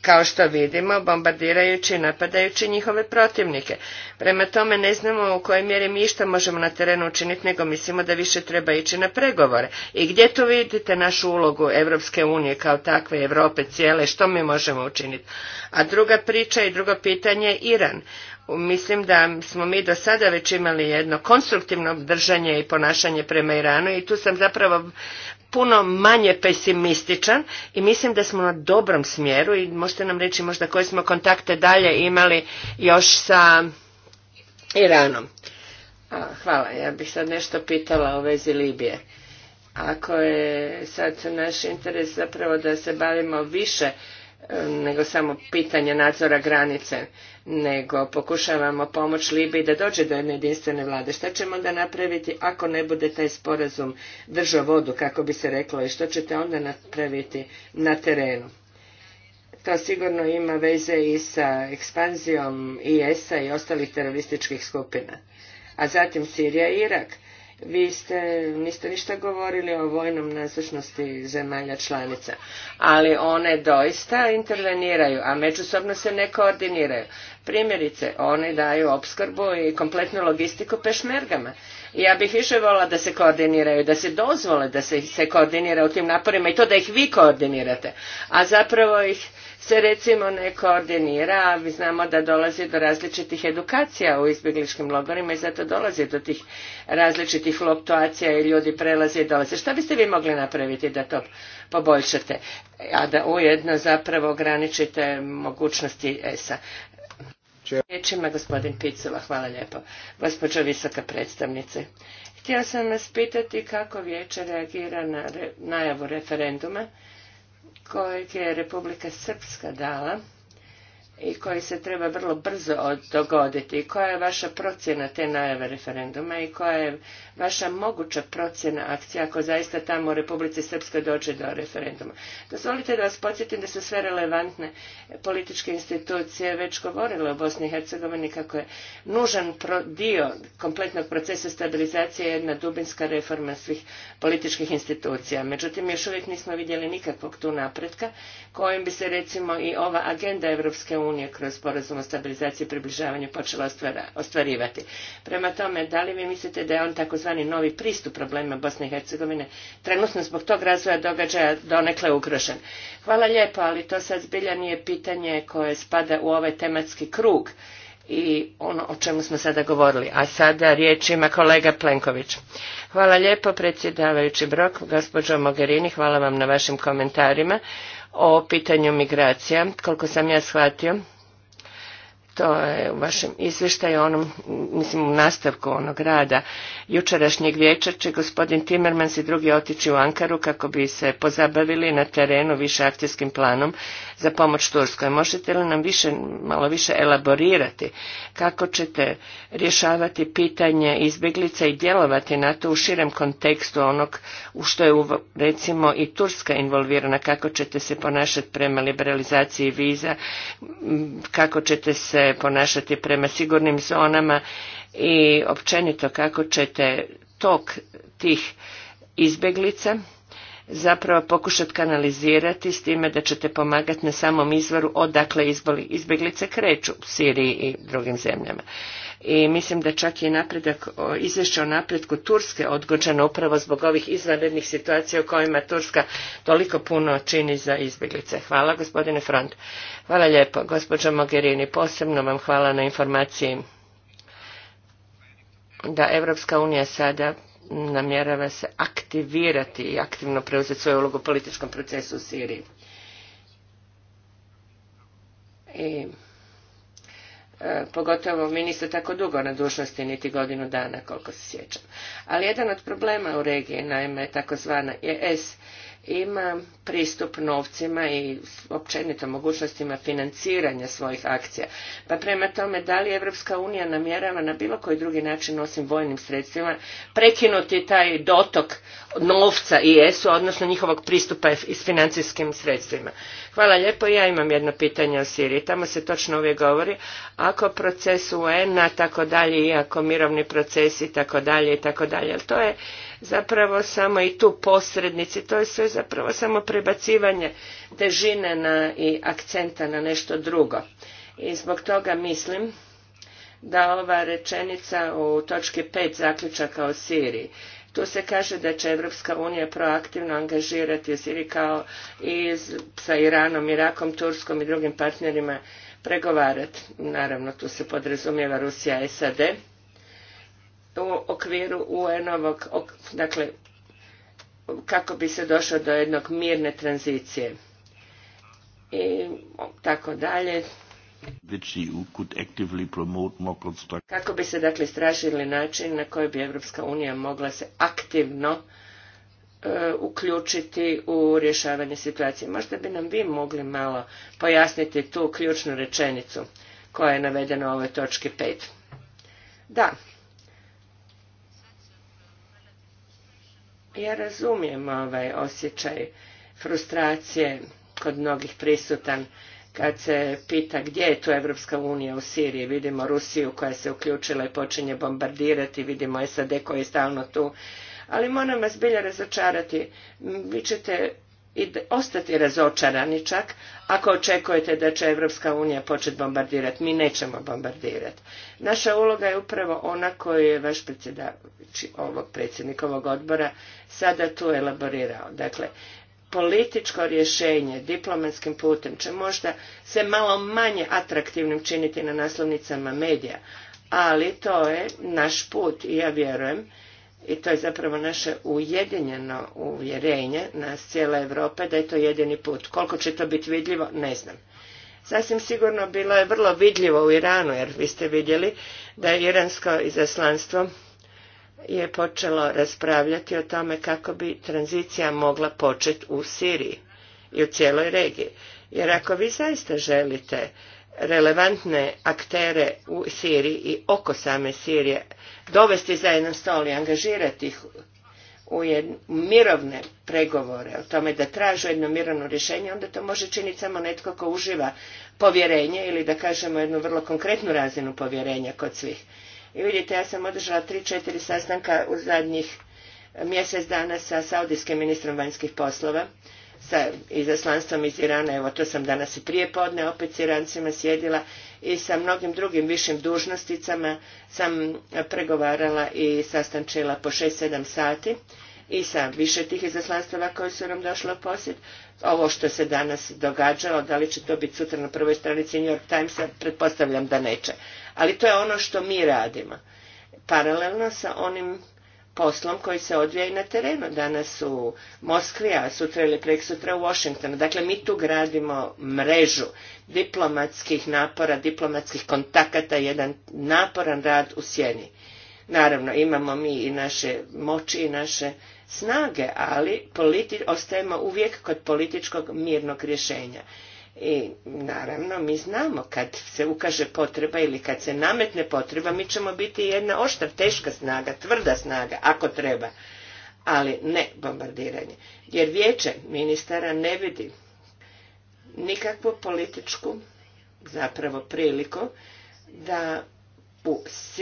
kao što vidimo, bombardirajući i napadajući njihove protivnike. Prema tome ne znamo u kojoj mjeri mi što možemo na terenu učiniti, nego mislimo da više treba ići na pregovore. I gdje tu vidite našu ulogu Evropske unije kao takve Europe cijele, što mi možemo učiniti? A druga priča i drugo pitanje je Iran. Mislim da smo mi do sada već imali jedno konstruktivno držanje i ponašanje prema Iranu i tu sam zapravo puno manje pesimističan i mislim da smo na dobrom smjeru i možete nam reći možda koje smo kontakte dalje imali još sa Iranom. hvala, ja bih sad nešto pitala o vezi Libije. Ako je sad naš interes zapravo da se bavimo više e, nego samo pitanje nadzora granice, nego pokušavamo pomoći Libiji da dođe do jedne jedinstvene vlade. Što ćemo onda napraviti ako ne bude taj sporazum držao vodu, kako bi se reklo, i što ćete onda napraviti na terenu? To sigurno ima veze i sa ekspanzijom IS-a i ostalih terorističkih skupina. A zatim Sirija i Irak – vi ste, niste ništa govorili o vojnom nazočnosti zemalja članica, ali one doista interveniraju, a međusobno se ne koordiniraju. Primjerice, one daju opskrbu i kompletnu logistiku pešmergama ja bih više volila da se koordiniraju, da se dozvole da se, se koordinira u tim naporima i to da ih vi koordinirate, a zapravo ih se recimo ne koordinira, a mi znamo da dolazi do različitih edukacija u izbjegličkim logorima i zato dolazi do tih različitih fluktuacija i ljudi prelaze i dolaze. Šta biste vi mogli napraviti da to poboljšate, a da ujedno zapravo ograničite mogućnosti ESA? Riječima gospodin Picula, hvala lijepo. Gospođo visoka predstavnice, htjela sam vas pitati kako vijeće reagira na najavu referenduma kojeg je Republika Srpska dala i koji se treba vrlo brzo dogoditi i koja je vaša procjena te najave referenduma i koja je vaša moguća procjena akcija ako zaista tamo u Republici Srpskoj dođe do referenduma. Dozvolite da vas podsjetim da su sve relevantne političke institucije već govorile o Bosni i Hercegovini kako je nužan dio kompletnog procesa stabilizacije jedna dubinska reforma svih političkih institucija. Međutim, još uvijek nismo vidjeli nikakvog tu napretka kojim bi se recimo i ova agenda Europske unije kroz sporazum o stabilizaciji i približavanju počela ostvarivati. Prema tome, da li vi mislite da je on takozvani novi pristup problema Bosne i Hercegovine trenutno zbog tog razvoja događaja donekle ugrožen? Hvala lijepo, ali to sad zbilja nije pitanje koje spada u ovaj tematski krug i ono o čemu smo sada govorili. A sada riječ ima kolega Plenković. Hvala lijepo predsjedavajući Brok, gospođo Mogherini, hvala vam na vašim komentarima o pitanju migracija, koliko sam ja shvatio to je u vašem izvještaju, onom, mislim u nastavku onog rada jučerašnjeg vječer će gospodin Timmermans i drugi otići u Ankaru kako bi se pozabavili na terenu više akcijskim planom za pomoć Turskoj. Možete li nam više, malo više elaborirati kako ćete rješavati pitanje izbjeglica i djelovati na to u širem kontekstu onog u što je recimo i Turska involvirana, kako ćete se ponašati prema liberalizaciji viza, kako ćete se ponašati prema sigurnim zonama i općenito kako ćete tok tih izbjeglica zapravo pokušati kanalizirati s time da ćete pomagati na samom izvoru odakle izbjeglice kreću u Siriji i drugim zemljama. I mislim da čak i napredak, izvješće o napretku Turske odgođeno upravo zbog ovih izvanrednih situacija u kojima Turska toliko puno čini za izbjeglice. Hvala gospodine Front. Hvala lijepo gospođo Mogherini. Posebno vam hvala na informaciji da Evropska unija sada namjerava se aktivirati i aktivno preuzeti svoju ulogu u političkom procesu u Siriji. I e, pogotovo mi niste tako dugo na dužnosti, niti godinu dana koliko se sjećam. Ali jedan od problema u regiji, naime takozvana ES ima pristup novcima i općenito mogućnostima financiranja svojih akcija. Pa prema tome, da li Evropska unija namjerava na bilo koji drugi način, osim vojnim sredstvima, prekinuti taj dotok novca i u odnosno njihovog pristupa s financijskim sredstvima. Hvala lijepo, ja imam jedno pitanje o Siriji. Tamo se točno uvijek govori, ako proces UN-a, tako dalje, i ako mirovni proces i tako dalje, i tako dalje. To je zapravo samo i tu posrednici. To je sve zapravo samo prebacivanje težine na, i akcenta na nešto drugo. I zbog toga mislim da ova rečenica u točki 5 zaključaka o Siriji tu se kaže da će Evropska unija proaktivno angažirati u Siriji kao i sa Iranom, Irakom, Turskom i drugim partnerima pregovarati. Naravno, tu se podrazumijeva Rusija, SAD u okviru UN-ovog, dakle, kako bi se došlo do jednog mirne tranzicije i tako dalje. Kako bi se dakle istražili način na koji bi Europska unija mogla se aktivno e, uključiti u rješavanje situacije. Možda bi nam vi mogli malo pojasniti tu ključnu rečenicu koja je navedena u ovoj točki 5. Da, Ja razumijem ovaj osjećaj frustracije kod mnogih prisutan kad se pita gdje je tu Evropska unija u Siriji, vidimo Rusiju koja se uključila i počinje bombardirati, vidimo SAD koji je stalno tu, ali moram vas bilje razočarati, vi ćete i ostati razočarani čak ako očekujete da će Evropska unija početi bombardirati. Mi nećemo bombardirati. Naša uloga je upravo ona koju je vaš predsjedavajući ovog odbora sada tu elaborirao. Dakle, političko rješenje diplomatskim putem će možda se malo manje atraktivnim činiti na naslovnicama medija, ali to je naš put i ja vjerujem i to je zapravo naše ujedinjeno uvjerenje nas cijele Europe da je to jedini put. Koliko će to biti vidljivo, ne znam. Sasvim sigurno bilo je vrlo vidljivo u Iranu, jer vi ste vidjeli da je iransko izaslanstvo je počelo raspravljati o tome kako bi tranzicija mogla početi u Siriji i u cijeloj regiji. Jer ako vi zaista želite relevantne aktere u Siriji i oko same Sirije dovesti za jedan stol i angažirati ih u mirovne pregovore o tome da tražu jedno mirovno rješenje, onda to može činiti samo netko ko uživa povjerenje ili da kažemo jednu vrlo konkretnu razinu povjerenja kod svih. I vidite, ja sam održala 3-4 sastanka u zadnjih mjesec dana sa saudijskim ministrom vanjskih poslova sa izaslanstvom iz Irana, evo to sam danas i prije podne opet s Irancima sjedila i sa mnogim drugim višim dužnosticama sam pregovarala i sastančila po 6-7 sati i sa više tih izaslanstava koje su nam došle u posjet. Ovo što se danas događalo, da li će to biti sutra na prvoj stranici New York Timesa, pretpostavljam da neće. Ali to je ono što mi radimo. Paralelno sa onim poslom koji se odvija i na terenu. Danas u Moskvi, a sutra ili prek sutra u Washingtonu. Dakle, mi tu gradimo mrežu diplomatskih napora, diplomatskih kontakata, jedan naporan rad u sjeni. Naravno, imamo mi i naše moći i naše snage, ali ostajemo uvijek kod političkog mirnog rješenja. I naravno mi znamo kad se ukaže potreba ili kad se nametne potreba mi ćemo biti jedna oštra, teška snaga, tvrda snaga ako treba. Ali ne bombardiranje. Jer vijeće ministara ne vidi nikakvu političku zapravo priliku da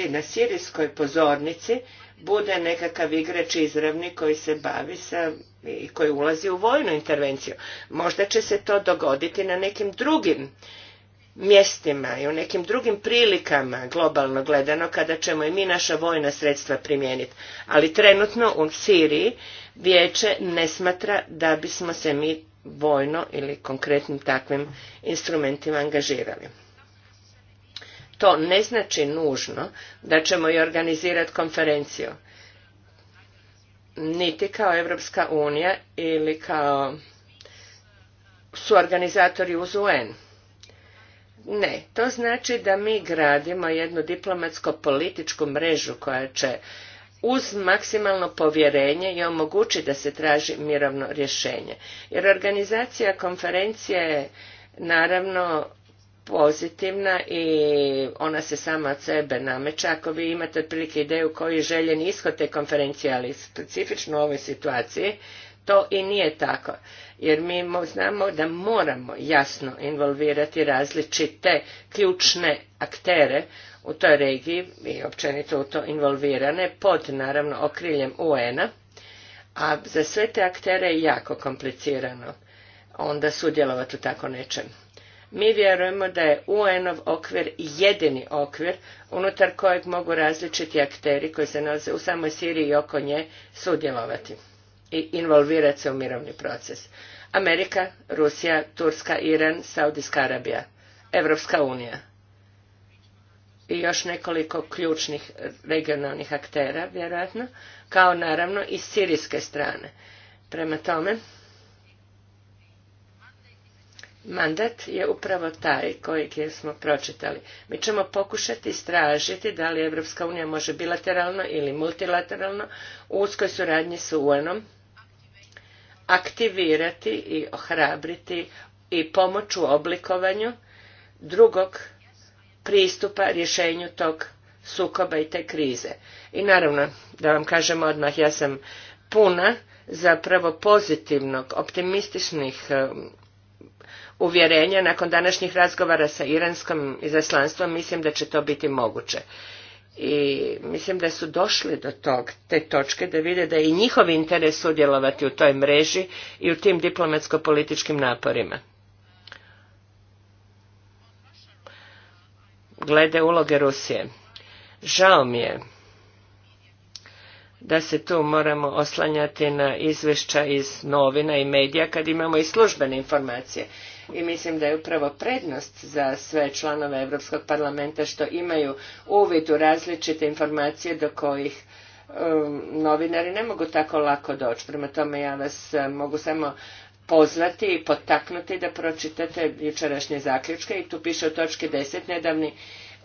na sirijskoj pozornici bude nekakav igrač izravni koji se bavi sa i koji ulazi u vojnu intervenciju. Možda će se to dogoditi na nekim drugim mjestima i u nekim drugim prilikama globalno gledano kada ćemo i mi naša vojna sredstva primijeniti. Ali trenutno u Siriji vijeće ne smatra da bismo se mi vojno ili konkretnim takvim instrumentima angažirali to ne znači nužno da ćemo i organizirati konferenciju. Niti kao Evropska unija ili kao suorganizatori uz UN. Ne, to znači da mi gradimo jednu diplomatsko-političku mrežu koja će uz maksimalno povjerenje i omogući da se traži mirovno rješenje. Jer organizacija konferencije je naravno pozitivna i ona se sama od sebe nameće. Ako vi imate otprilike ideju koji je željen ishod te konferencije, ali specifično u ovoj situaciji, to i nije tako. Jer mi znamo da moramo jasno involvirati različite ključne aktere u toj regiji i općenito u to involvirane pod naravno okriljem UN-a, a za sve te aktere je jako komplicirano onda sudjelovati u tako nečem. Mi vjerujemo da je UN-ov okvir jedini okvir unutar kojeg mogu različiti akteri koji se nalaze u samoj Siriji i oko nje sudjelovati i involvirati se u mirovni proces. Amerika, Rusija, Turska, Iran, Saudijska Arabija, Evropska unija i još nekoliko ključnih regionalnih aktera, vjerojatno, kao naravno i sirijske strane. Prema tome, mandat je upravo taj koji smo pročitali. Mi ćemo pokušati istražiti da li Evropska unija može bilateralno ili multilateralno u uskoj suradnji s UN-om aktivirati i ohrabriti i pomoći u oblikovanju drugog pristupa rješenju tog sukoba i te krize. I naravno, da vam kažem odmah, ja sam puna zapravo pozitivnog, optimističnih um, uvjerenja nakon današnjih razgovara sa iranskom izaslanstvom mislim da će to biti moguće. I mislim da su došli do tog, te točke da vide da je i njihov interes sudjelovati u toj mreži i u tim diplomatsko-političkim naporima. Glede uloge Rusije. Žao mi je da se tu moramo oslanjati na izvješća iz novina i medija kad imamo i službene informacije i mislim da je upravo prednost za sve članove Europskog parlamenta što imaju uvid u različite informacije do kojih um, novinari ne mogu tako lako doći. Prema tome ja vas eh, mogu samo pozvati i potaknuti da pročitate jučerašnje zaključke i tu piše u točki 10 nedavni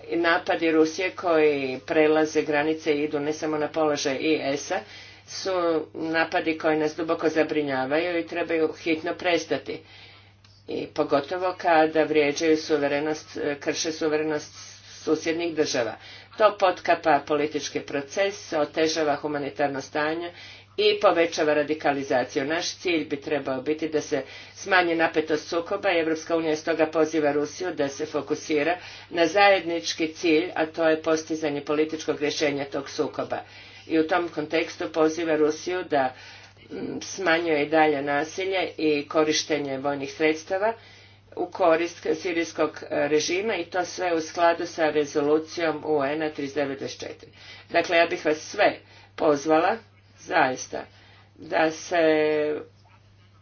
napadi Rusije koji prelaze granice i idu ne samo na položaj IS-a su napadi koji nas duboko zabrinjavaju i trebaju hitno prestati i pogotovo kada vrijeđaju suverenost, e, krše suverenost susjednih država. To potkapa politički proces, otežava humanitarno stanje i povećava radikalizaciju. Naš cilj bi trebao biti da se smanji napetost sukoba i Europska unija stoga poziva Rusiju da se fokusira na zajednički cilj, a to je postizanje političkog rješenja tog sukoba. I u tom kontekstu poziva Rusiju da smanjuje i dalje nasilje i korištenje vojnih sredstava u korist sirijskog e, režima i to sve u skladu sa rezolucijom UN-a 3924. Dakle, ja bih vas sve pozvala, zaista, da se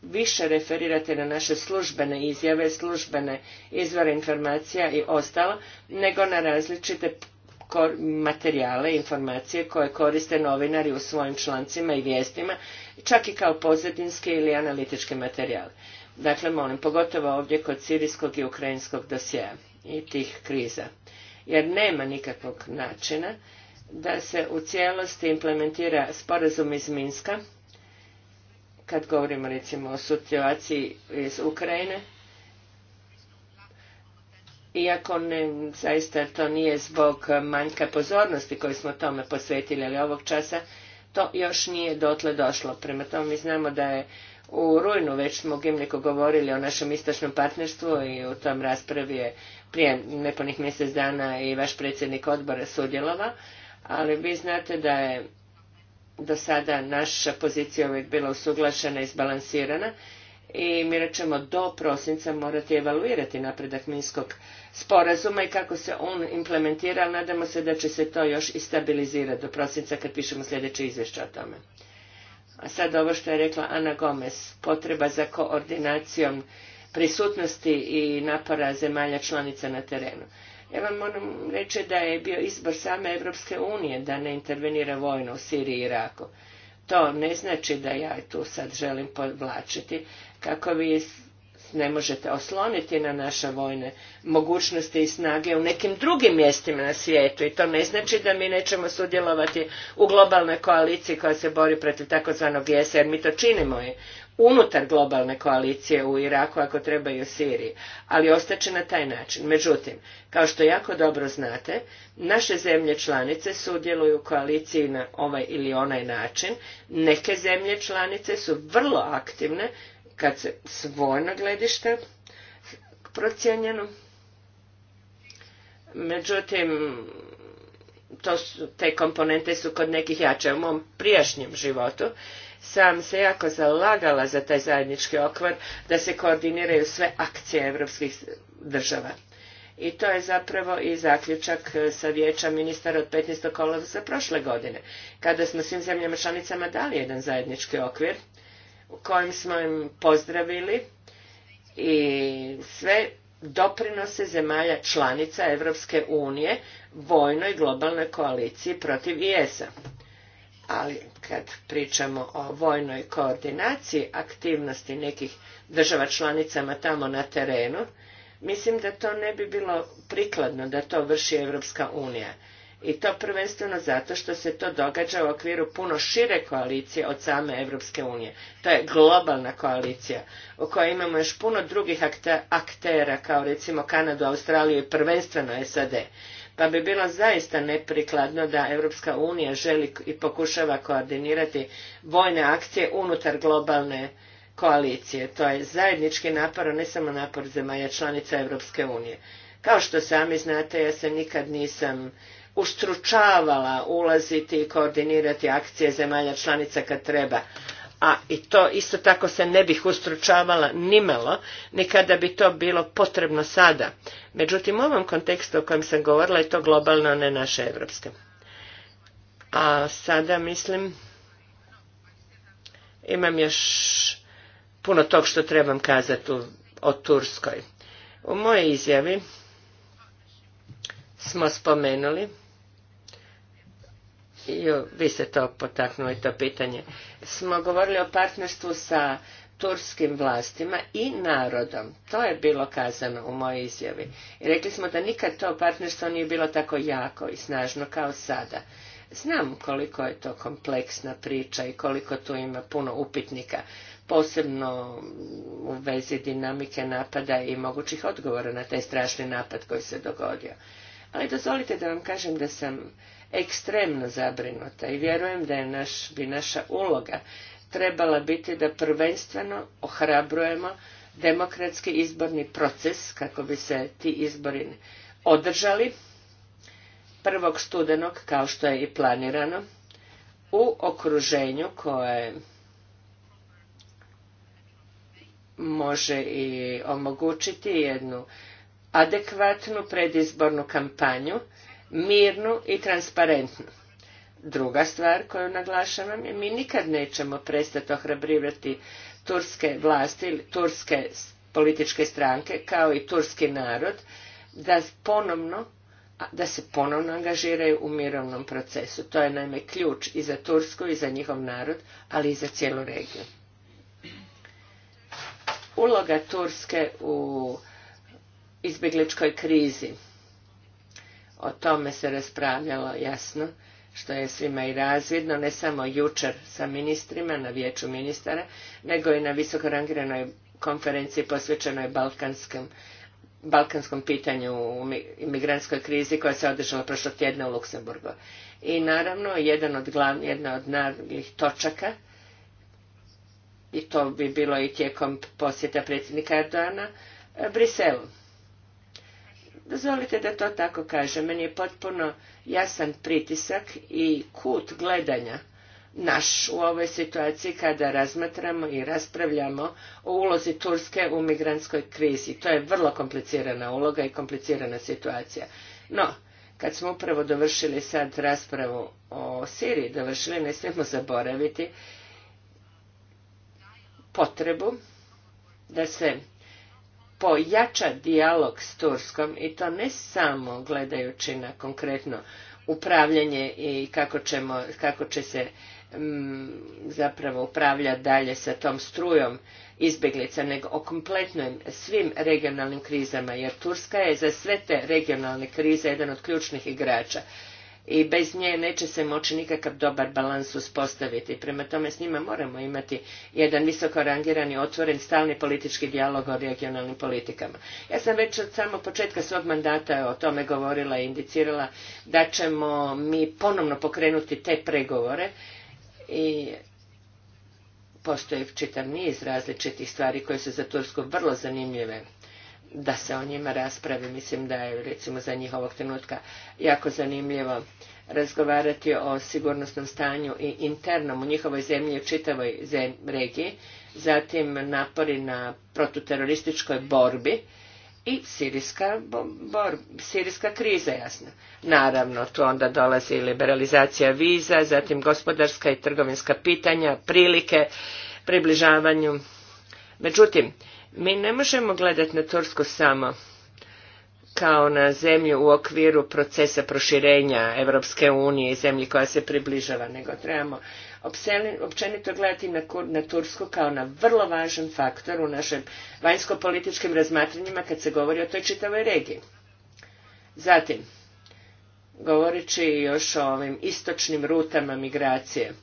više referirate na naše službene izjave, službene izvore informacija i ostalo, nego na različite materijale, informacije koje koriste novinari u svojim člancima i vijestima, čak i kao pozadinske ili analitički materijale. Dakle, molim, pogotovo ovdje kod sirijskog i ukrajinskog dosjeja i tih kriza. Jer nema nikakvog načina da se u cijelosti implementira sporazum iz Minska, kad govorimo recimo o situaciji iz Ukrajine, iako ne, zaista to nije zbog manjka pozornosti koju smo tome posvetili, ali ovog časa to još nije dotle došlo. Prema tome mi znamo da je u rujnu već smo u Gimliku govorili o našem istočnom partnerstvu i u tom raspravi je prije nepunih mjesec dana i vaš predsjednik odbora sudjelova, ali vi znate da je do sada naša pozicija uvijek bila usuglašena i izbalansirana i mi ćemo do prosinca morati evaluirati napredak Minskog sporazuma i kako se on implementira, ali nadamo se da će se to još i stabilizirati do prosinca kad pišemo sljedeće izvješće o tome. A sad ovo što je rekla Ana Gomez, potreba za koordinacijom prisutnosti i napora zemalja članica na terenu. Ja vam moram reći da je bio izbor same Evropske unije da ne intervenira vojno u Siriji i Iraku. To ne znači da ja tu sad želim povlačiti, kako vi ne možete osloniti na naše vojne mogućnosti i snage u nekim drugim mjestima na svijetu i to ne znači da mi nećemo sudjelovati u globalnoj koaliciji koja se bori protiv takozvanog is jer mi to činimo i unutar globalne koalicije u Iraku ako treba i u Siriji, ali ostaće na taj način. Međutim, kao što jako dobro znate, naše zemlje članice sudjeluju u koaliciji na ovaj ili onaj način, neke zemlje članice su vrlo aktivne kad se s vojnog procijenjeno. Međutim, to te komponente su kod nekih jače. U mom prijašnjem životu sam se jako zalagala za taj zajednički okvir da se koordiniraju sve akcije evropskih država. I to je zapravo i zaključak e, sa vijeća ministara od 15. kolovoza prošle godine, kada smo svim zemljama članicama dali jedan zajednički okvir kojim smo im pozdravili i sve doprinose zemalja članica Europske unije vojnoj globalnoj koaliciji protiv IS-a. Ali kad pričamo o vojnoj koordinaciji aktivnosti nekih država članicama tamo na terenu, mislim da to ne bi bilo prikladno da to vrši Europska unija. I to prvenstveno zato što se to događa u okviru puno šire koalicije od same Europske unije. To je globalna koalicija u kojoj imamo još puno drugih aktera kao recimo Kanadu, Australiju i prvenstveno SAD. Pa bi bilo zaista neprikladno da Europska unija želi i pokušava koordinirati vojne akcije unutar globalne koalicije. To je zajednički napor, a ne samo napor zemalja članica Europske unije. Kao što sami znate, ja se nikad nisam ustručavala ulaziti i koordinirati akcije zemalja članica kad treba. A i to isto tako se ne bih ustručavala nimalo, ni kada bi to bilo potrebno sada. Međutim, u ovom kontekstu o kojem sam govorila je to globalno, ne naše evropske. A sada mislim, imam još puno tog što trebam kazati o Turskoj. U mojoj izjavi smo spomenuli ju, vi ste to potaknuli, to pitanje, smo govorili o partnerstvu sa turskim vlastima i narodom. To je bilo kazano u mojoj izjavi. I rekli smo da nikad to partnerstvo nije bilo tako jako i snažno kao sada. Znam koliko je to kompleksna priča i koliko tu ima puno upitnika, posebno u vezi dinamike napada i mogućih odgovora na taj strašni napad koji se dogodio. Ali dozvolite da vam kažem da sam ekstremno zabrinuta i vjerujem da je bi naša uloga trebala biti da prvenstveno ohrabrujemo demokratski izborni proces kako bi se ti izbori održali prvog studenog kao što je i planirano u okruženju koje može i omogućiti jednu adekvatnu predizbornu kampanju mirnu i transparentnu. Druga stvar koju naglašavam je mi nikad nećemo prestati ohrabrivati turske vlasti ili turske političke stranke kao i turski narod da ponovno da se ponovno angažiraju u mirovnom procesu. To je naime ključ i za Tursku i za njihov narod, ali i za cijelu regiju. Uloga Turske u izbjegličkoj krizi o tome se raspravljalo jasno, što je svima i razvidno, ne samo jučer sa ministrima na vijeću ministara, nego i na visoko rangiranoj konferenciji posvećenoj balkanskom, balkanskom pitanju u imigrantskoj krizi koja se održala prošlog tjedna u Luksemburgu. I naravno, jedan od glavnih, jedna od naravnih točaka i to bi bilo i tijekom posjeta predsjednika Erdogana Briselu. Dozvolite da to tako kažem, meni je potpuno jasan pritisak i kut gledanja naš u ovoj situaciji kada razmatramo i raspravljamo o ulozi Turske u migrantskoj krizi. To je vrlo komplicirana uloga i komplicirana situacija. No, kad smo upravo dovršili sad raspravu o Siriji, dovršili ne smijemo zaboraviti potrebu da se pojača dijalog s Turskom i to ne samo gledajući na konkretno upravljanje i kako, ćemo, kako će se mm, zapravo upravljati dalje sa tom strujom izbjeglica, nego o kompletnim svim regionalnim krizama, jer Turska je za sve te regionalne krize jedan od ključnih igrača i bez nje neće se moći nikakav dobar balans uspostaviti. Prema tome s njima moramo imati jedan visoko rangirani, otvoren, stalni politički dijalog o regionalnim politikama. Ja sam već od samog početka svog mandata o tome govorila i indicirala da ćemo mi ponovno pokrenuti te pregovore i postoji čitav niz različitih stvari koje su za Tursku vrlo zanimljive da se o njima raspravi. Mislim da je recimo za njihovog trenutka jako zanimljivo razgovarati o sigurnosnom stanju i internom u njihovoj zemlji i u čitavoj regiji, zatim napori na protuterorističkoj borbi i sirijska, sirijska kriza, jasno. Naravno, tu onda dolazi liberalizacija viza, zatim gospodarska i trgovinska pitanja, prilike, približavanju. Međutim, mi ne možemo gledati na Tursku samo kao na zemlju u okviru procesa proširenja Europske unije i zemlji koja se približava, nego trebamo općenito gledati na, na Tursku kao na vrlo važan faktor u našim vanjsko-političkim razmatranjima kad se govori o toj čitavoj regiji. Zatim, govoreći još o ovim istočnim rutama migracije,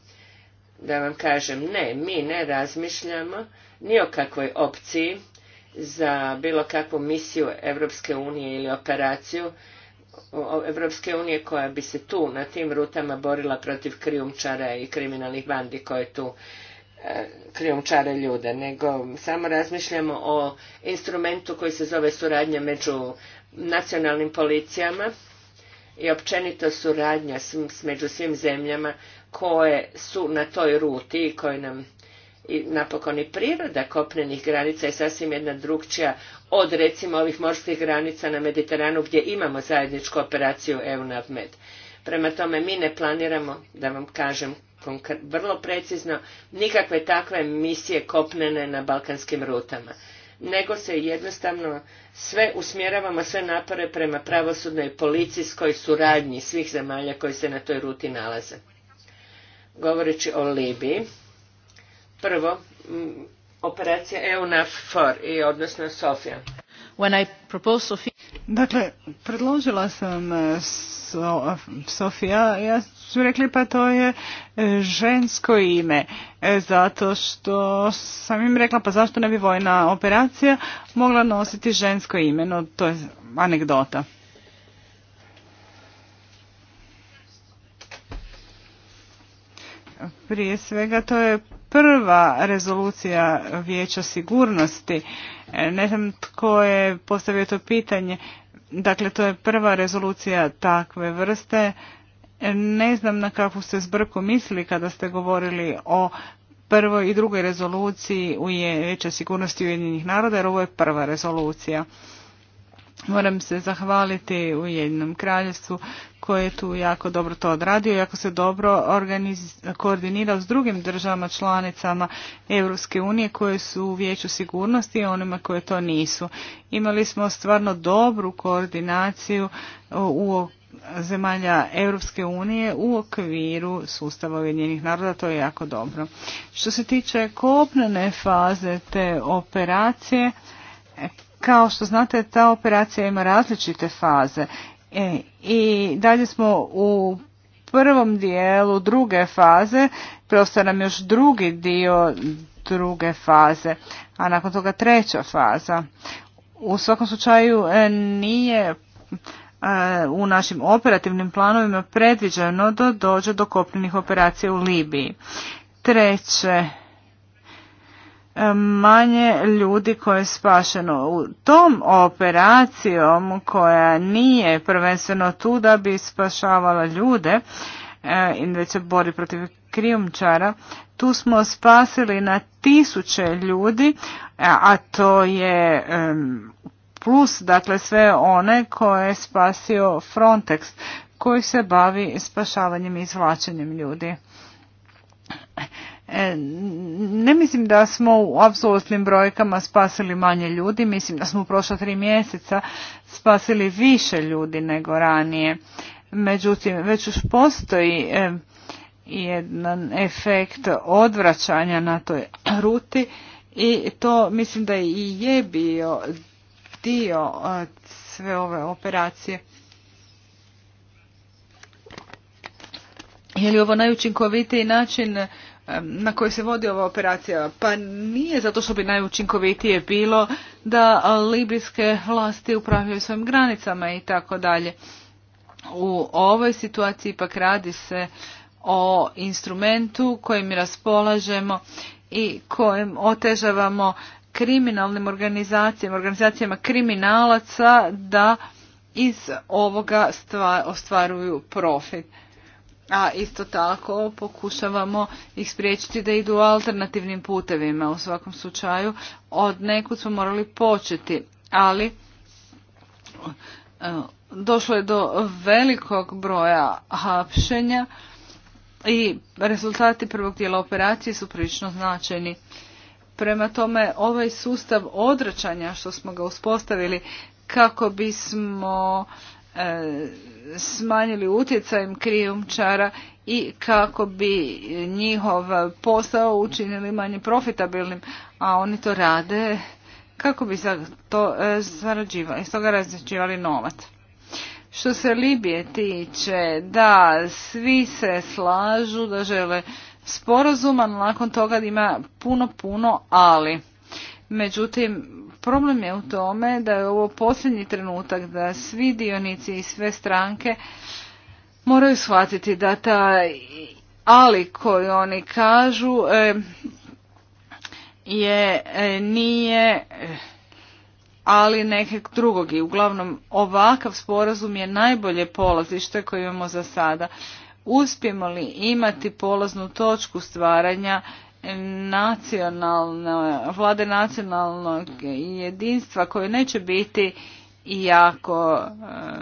da vam kažem, ne, mi ne razmišljamo ni o kakvoj opciji za bilo kakvu misiju Europske unije ili operaciju Europske unije koja bi se tu na tim rutama borila protiv krijumčara i kriminalnih bandi koje tu e, ljude, nego samo razmišljamo o instrumentu koji se zove suradnja među nacionalnim policijama i općenito suradnja s, među svim zemljama koje su na toj ruti i koje nam i napokon i priroda kopnenih granica je sasvim jedna drugčija od recimo ovih morskih granica na Mediteranu gdje imamo zajedničku operaciju EUNAVMED. Prema tome mi ne planiramo, da vam kažem vrlo precizno, nikakve takve misije kopnene na balkanskim rutama nego se jednostavno sve usmjeravamo sve napore prema pravosudnoj policijskoj suradnji svih zemalja koji se na toj ruti nalaze. Govoreći o Libiji, Prvo, operacija EUNAFOR i odnosno Sofija. When I Sofia... Dakle, predložila sam e, so, Sofija, ja su rekli pa to je e, žensko ime, e, zato što sam im rekla pa zašto ne bi vojna operacija mogla nositi žensko ime, no to je anegdota. Prije svega to je prva rezolucija vijeća sigurnosti. E, ne znam tko je postavio to pitanje. Dakle, to je prva rezolucija takve vrste. E, ne znam na kakvu ste zbrku mislili kada ste govorili o prvoj i drugoj rezoluciji Vijeća sigurnosti Ujedinjenih naroda, jer ovo je prva rezolucija. Moram se zahvaliti u jednom kraljevstvu koje je tu jako dobro to odradio, jako se dobro koordinirao s drugim državama članicama Europske unije koje su u vijeću sigurnosti i onima koje to nisu. Imali smo stvarno dobru koordinaciju u zemalja Europske unije u okviru sustava Ujedinjenih naroda, to je jako dobro. Što se tiče kopnene faze te operacije, kao što znate, ta operacija ima različite faze e, i dalje smo u prvom dijelu druge faze, preostaje nam još drugi dio druge faze, a nakon toga treća faza. U svakom slučaju e, nije e, u našim operativnim planovima predviđeno da dođe do kopnenih operacija u Libiji. Treće, manje ljudi koje je spašeno. U tom operacijom koja nije prvenstveno tu da bi spašavala ljude, e, već se bori protiv krijumčara, tu smo spasili na tisuće ljudi, e, a to je plus dakle sve one koje je spasio Frontex koji se bavi spašavanjem i izvlačenjem ljudi. E, ne mislim da smo u apsolutnim brojkama spasili manje ljudi, mislim da smo u prošla tri mjeseca spasili više ljudi nego ranije. Međutim, već už postoji e, jedan efekt odvraćanja na toj ruti i to mislim da i je bio dio e, sve ove operacije. Je li ovo najučinkovitiji način na koji se vodi ova operacija? Pa nije zato što bi najučinkovitije bilo da libijske vlasti upravljaju svojim granicama i tako dalje. U ovoj situaciji ipak radi se o instrumentu kojim raspolažemo i kojim otežavamo kriminalnim organizacijama, organizacijama kriminalaca da iz ovoga ostvaruju profit a isto tako pokušavamo ih spriječiti da idu alternativnim putevima. U svakom slučaju od nekud smo morali početi, ali e, došlo je do velikog broja hapšenja i rezultati prvog dijela operacije su prilično značajni. Prema tome, ovaj sustav odračanja što smo ga uspostavili kako bismo E, smanjili utjecajem krijumčara i kako bi njihov posao učinili manje profitabilnim, a oni to rade kako bi za to e, zarađivali, iz toga novac. Što se Libije tiče, da, svi se slažu da žele sporazum, nakon toga ima puno, puno ali. Međutim, Problem je u tome da je ovo posljednji trenutak da svi dionici i sve stranke moraju shvatiti da ta ali koju oni kažu e, je e, nije ali nekog drugog i uglavnom ovakav sporazum je najbolje polazište koje imamo za sada. Uspijemo li imati polaznu točku stvaranja nacionalne, vlade nacionalnog jedinstva koje neće biti jako eh,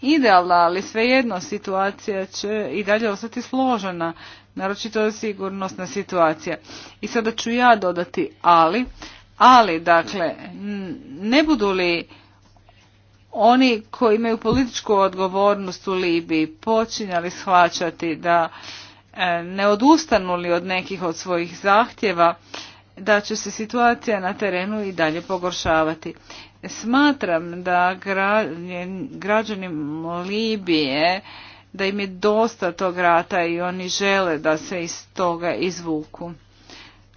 idealna, ali svejedno situacija će i dalje ostati složena, naročito je sigurnosna situacija. I sada ću ja dodati ali, ali dakle, ne budu li oni koji imaju političku odgovornost u Libiji počinjali shvaćati da E, ne odustanu li od nekih od svojih zahtjeva, da će se situacija na terenu i dalje pogoršavati. Smatram da građani Libije, da im je dosta tog rata i oni žele da se iz toga izvuku.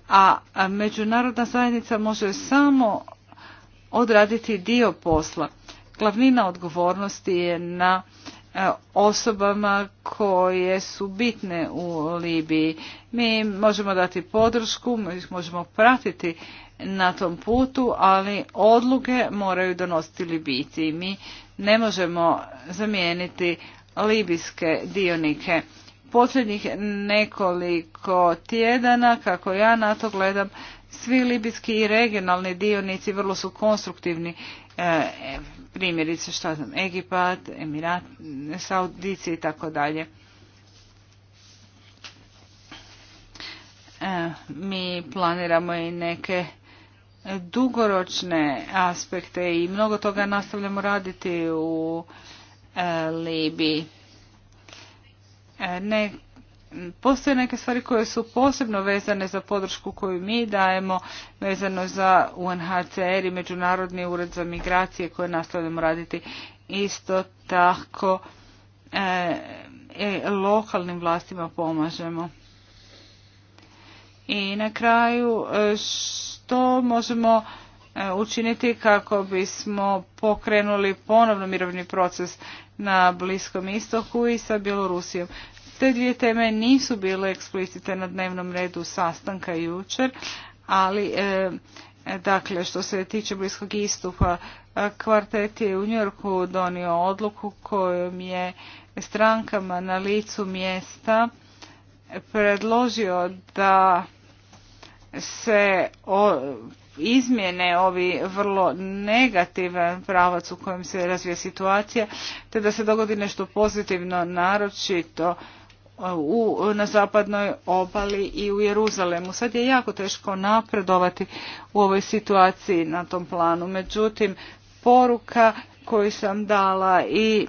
A međunarodna zajednica može samo odraditi dio posla. Glavnina odgovornosti je na osobama koje su bitne u Libiji. Mi možemo dati podršku, mi ih možemo pratiti na tom putu, ali odluke moraju donositi Libijci. Mi ne možemo zamijeniti libijske dionike. Posljednjih nekoliko tjedana, kako ja na to gledam, svi libijski i regionalni dionici vrlo su konstruktivni. E, primjerice što znam Egipat, Emirat, Saudici i tako dalje. E, mi planiramo i neke dugoročne aspekte i mnogo toga nastavljamo raditi u e, Libiji. E, ne Postoje neke stvari koje su posebno vezane za podršku koju mi dajemo, vezano za UNHCR i Međunarodni ured za migracije koje nastavljamo raditi isto tako e, e, lokalnim vlastima pomažemo. I na kraju e, što možemo učiniti kako bismo pokrenuli ponovno mirovni proces na Bliskom istoku i sa Bjelorusijom. Te dvije teme nisu bile eksplicite na dnevnom redu sastanka jučer, ali e, dakle što se tiče Bliskog istupa, kvartet je u Njorku donio odluku kojom je strankama na licu mjesta predložio da se o, izmjene ovi vrlo negativan pravac u kojem se razvija situacija, te da se dogodi nešto pozitivno, naročito u, na zapadnoj obali i u Jeruzalemu. Sad je jako teško napredovati u ovoj situaciji na tom planu. Međutim, poruka koju sam dala i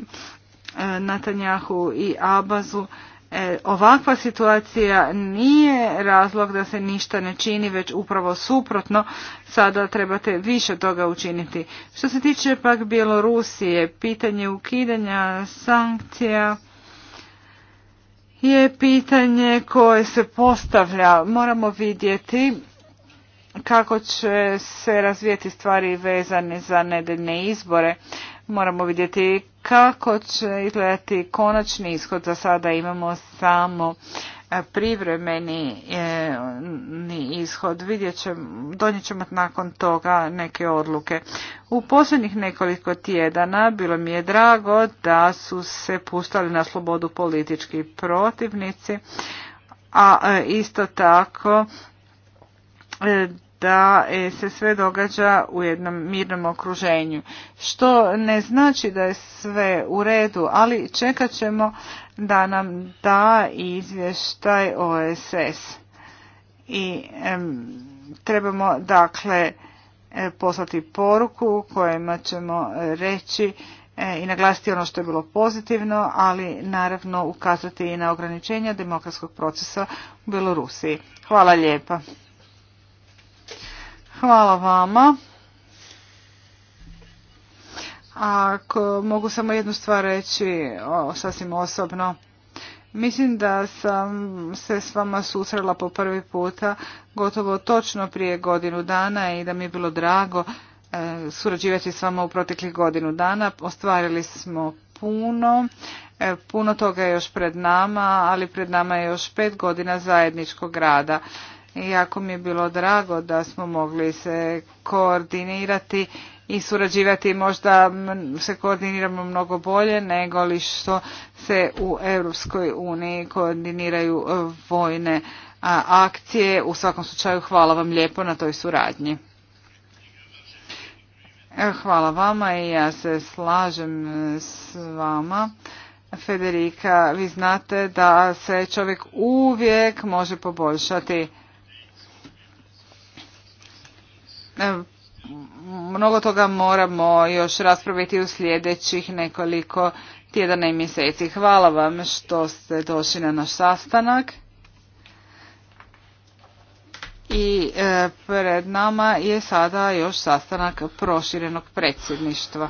e, Natanjahu i Abazu, e, ovakva situacija nije razlog da se ništa ne čini, već upravo suprotno, sada trebate više toga učiniti. Što se tiče pak Bjelorusije, pitanje ukidanja sankcija, je pitanje koje se postavlja. Moramo vidjeti kako će se razvijeti stvari vezane za nedeljne izbore. Moramo vidjeti kako će izgledati konačni ishod. Za sada imamo samo privremeni e, ishod. Vidjet ćemo, donijet ćemo nakon toga neke odluke. U posljednjih nekoliko tjedana bilo mi je drago da su se pustali na slobodu politički protivnici, a e, isto tako e, da se sve događa u jednom mirnom okruženju. Što ne znači da je sve u redu, ali čekat ćemo da nam da izvještaj OSS. I trebamo dakle e, poslati poruku kojima ćemo reći e, i naglasiti ono što je bilo pozitivno, ali naravno ukazati i na ograničenja demokratskog procesa u Belorusiji. Hvala lijepa. Hvala vama. Ako mogu samo jednu stvar reći sasvim osobno. Mislim da sam se s vama susrela po prvi puta gotovo točno prije godinu dana i da mi je bilo drago e, surađivati s vama u proteklih godinu dana. Ostvarili smo puno, e, puno toga je još pred nama, ali pred nama je još pet godina zajedničkog rada. I mi je bilo drago da smo mogli se koordinirati i surađivati možda se koordiniramo mnogo bolje nego li što se u Europskoj uniji koordiniraju e, vojne akcije. U svakom slučaju hvala vam lijepo na toj suradnji. E, hvala vama i ja se slažem e, s vama. Federika, vi znate da se čovjek uvijek može poboljšati mnogo toga moramo još raspraviti u sljedećih nekoliko tjedana i mjeseci. Hvala vam što ste došli na naš sastanak. I e, pred nama je sada još sastanak proširenog predsjedništva.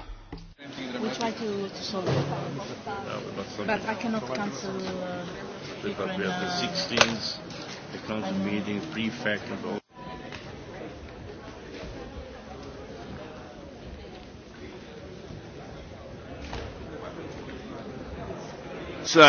Hvala uh,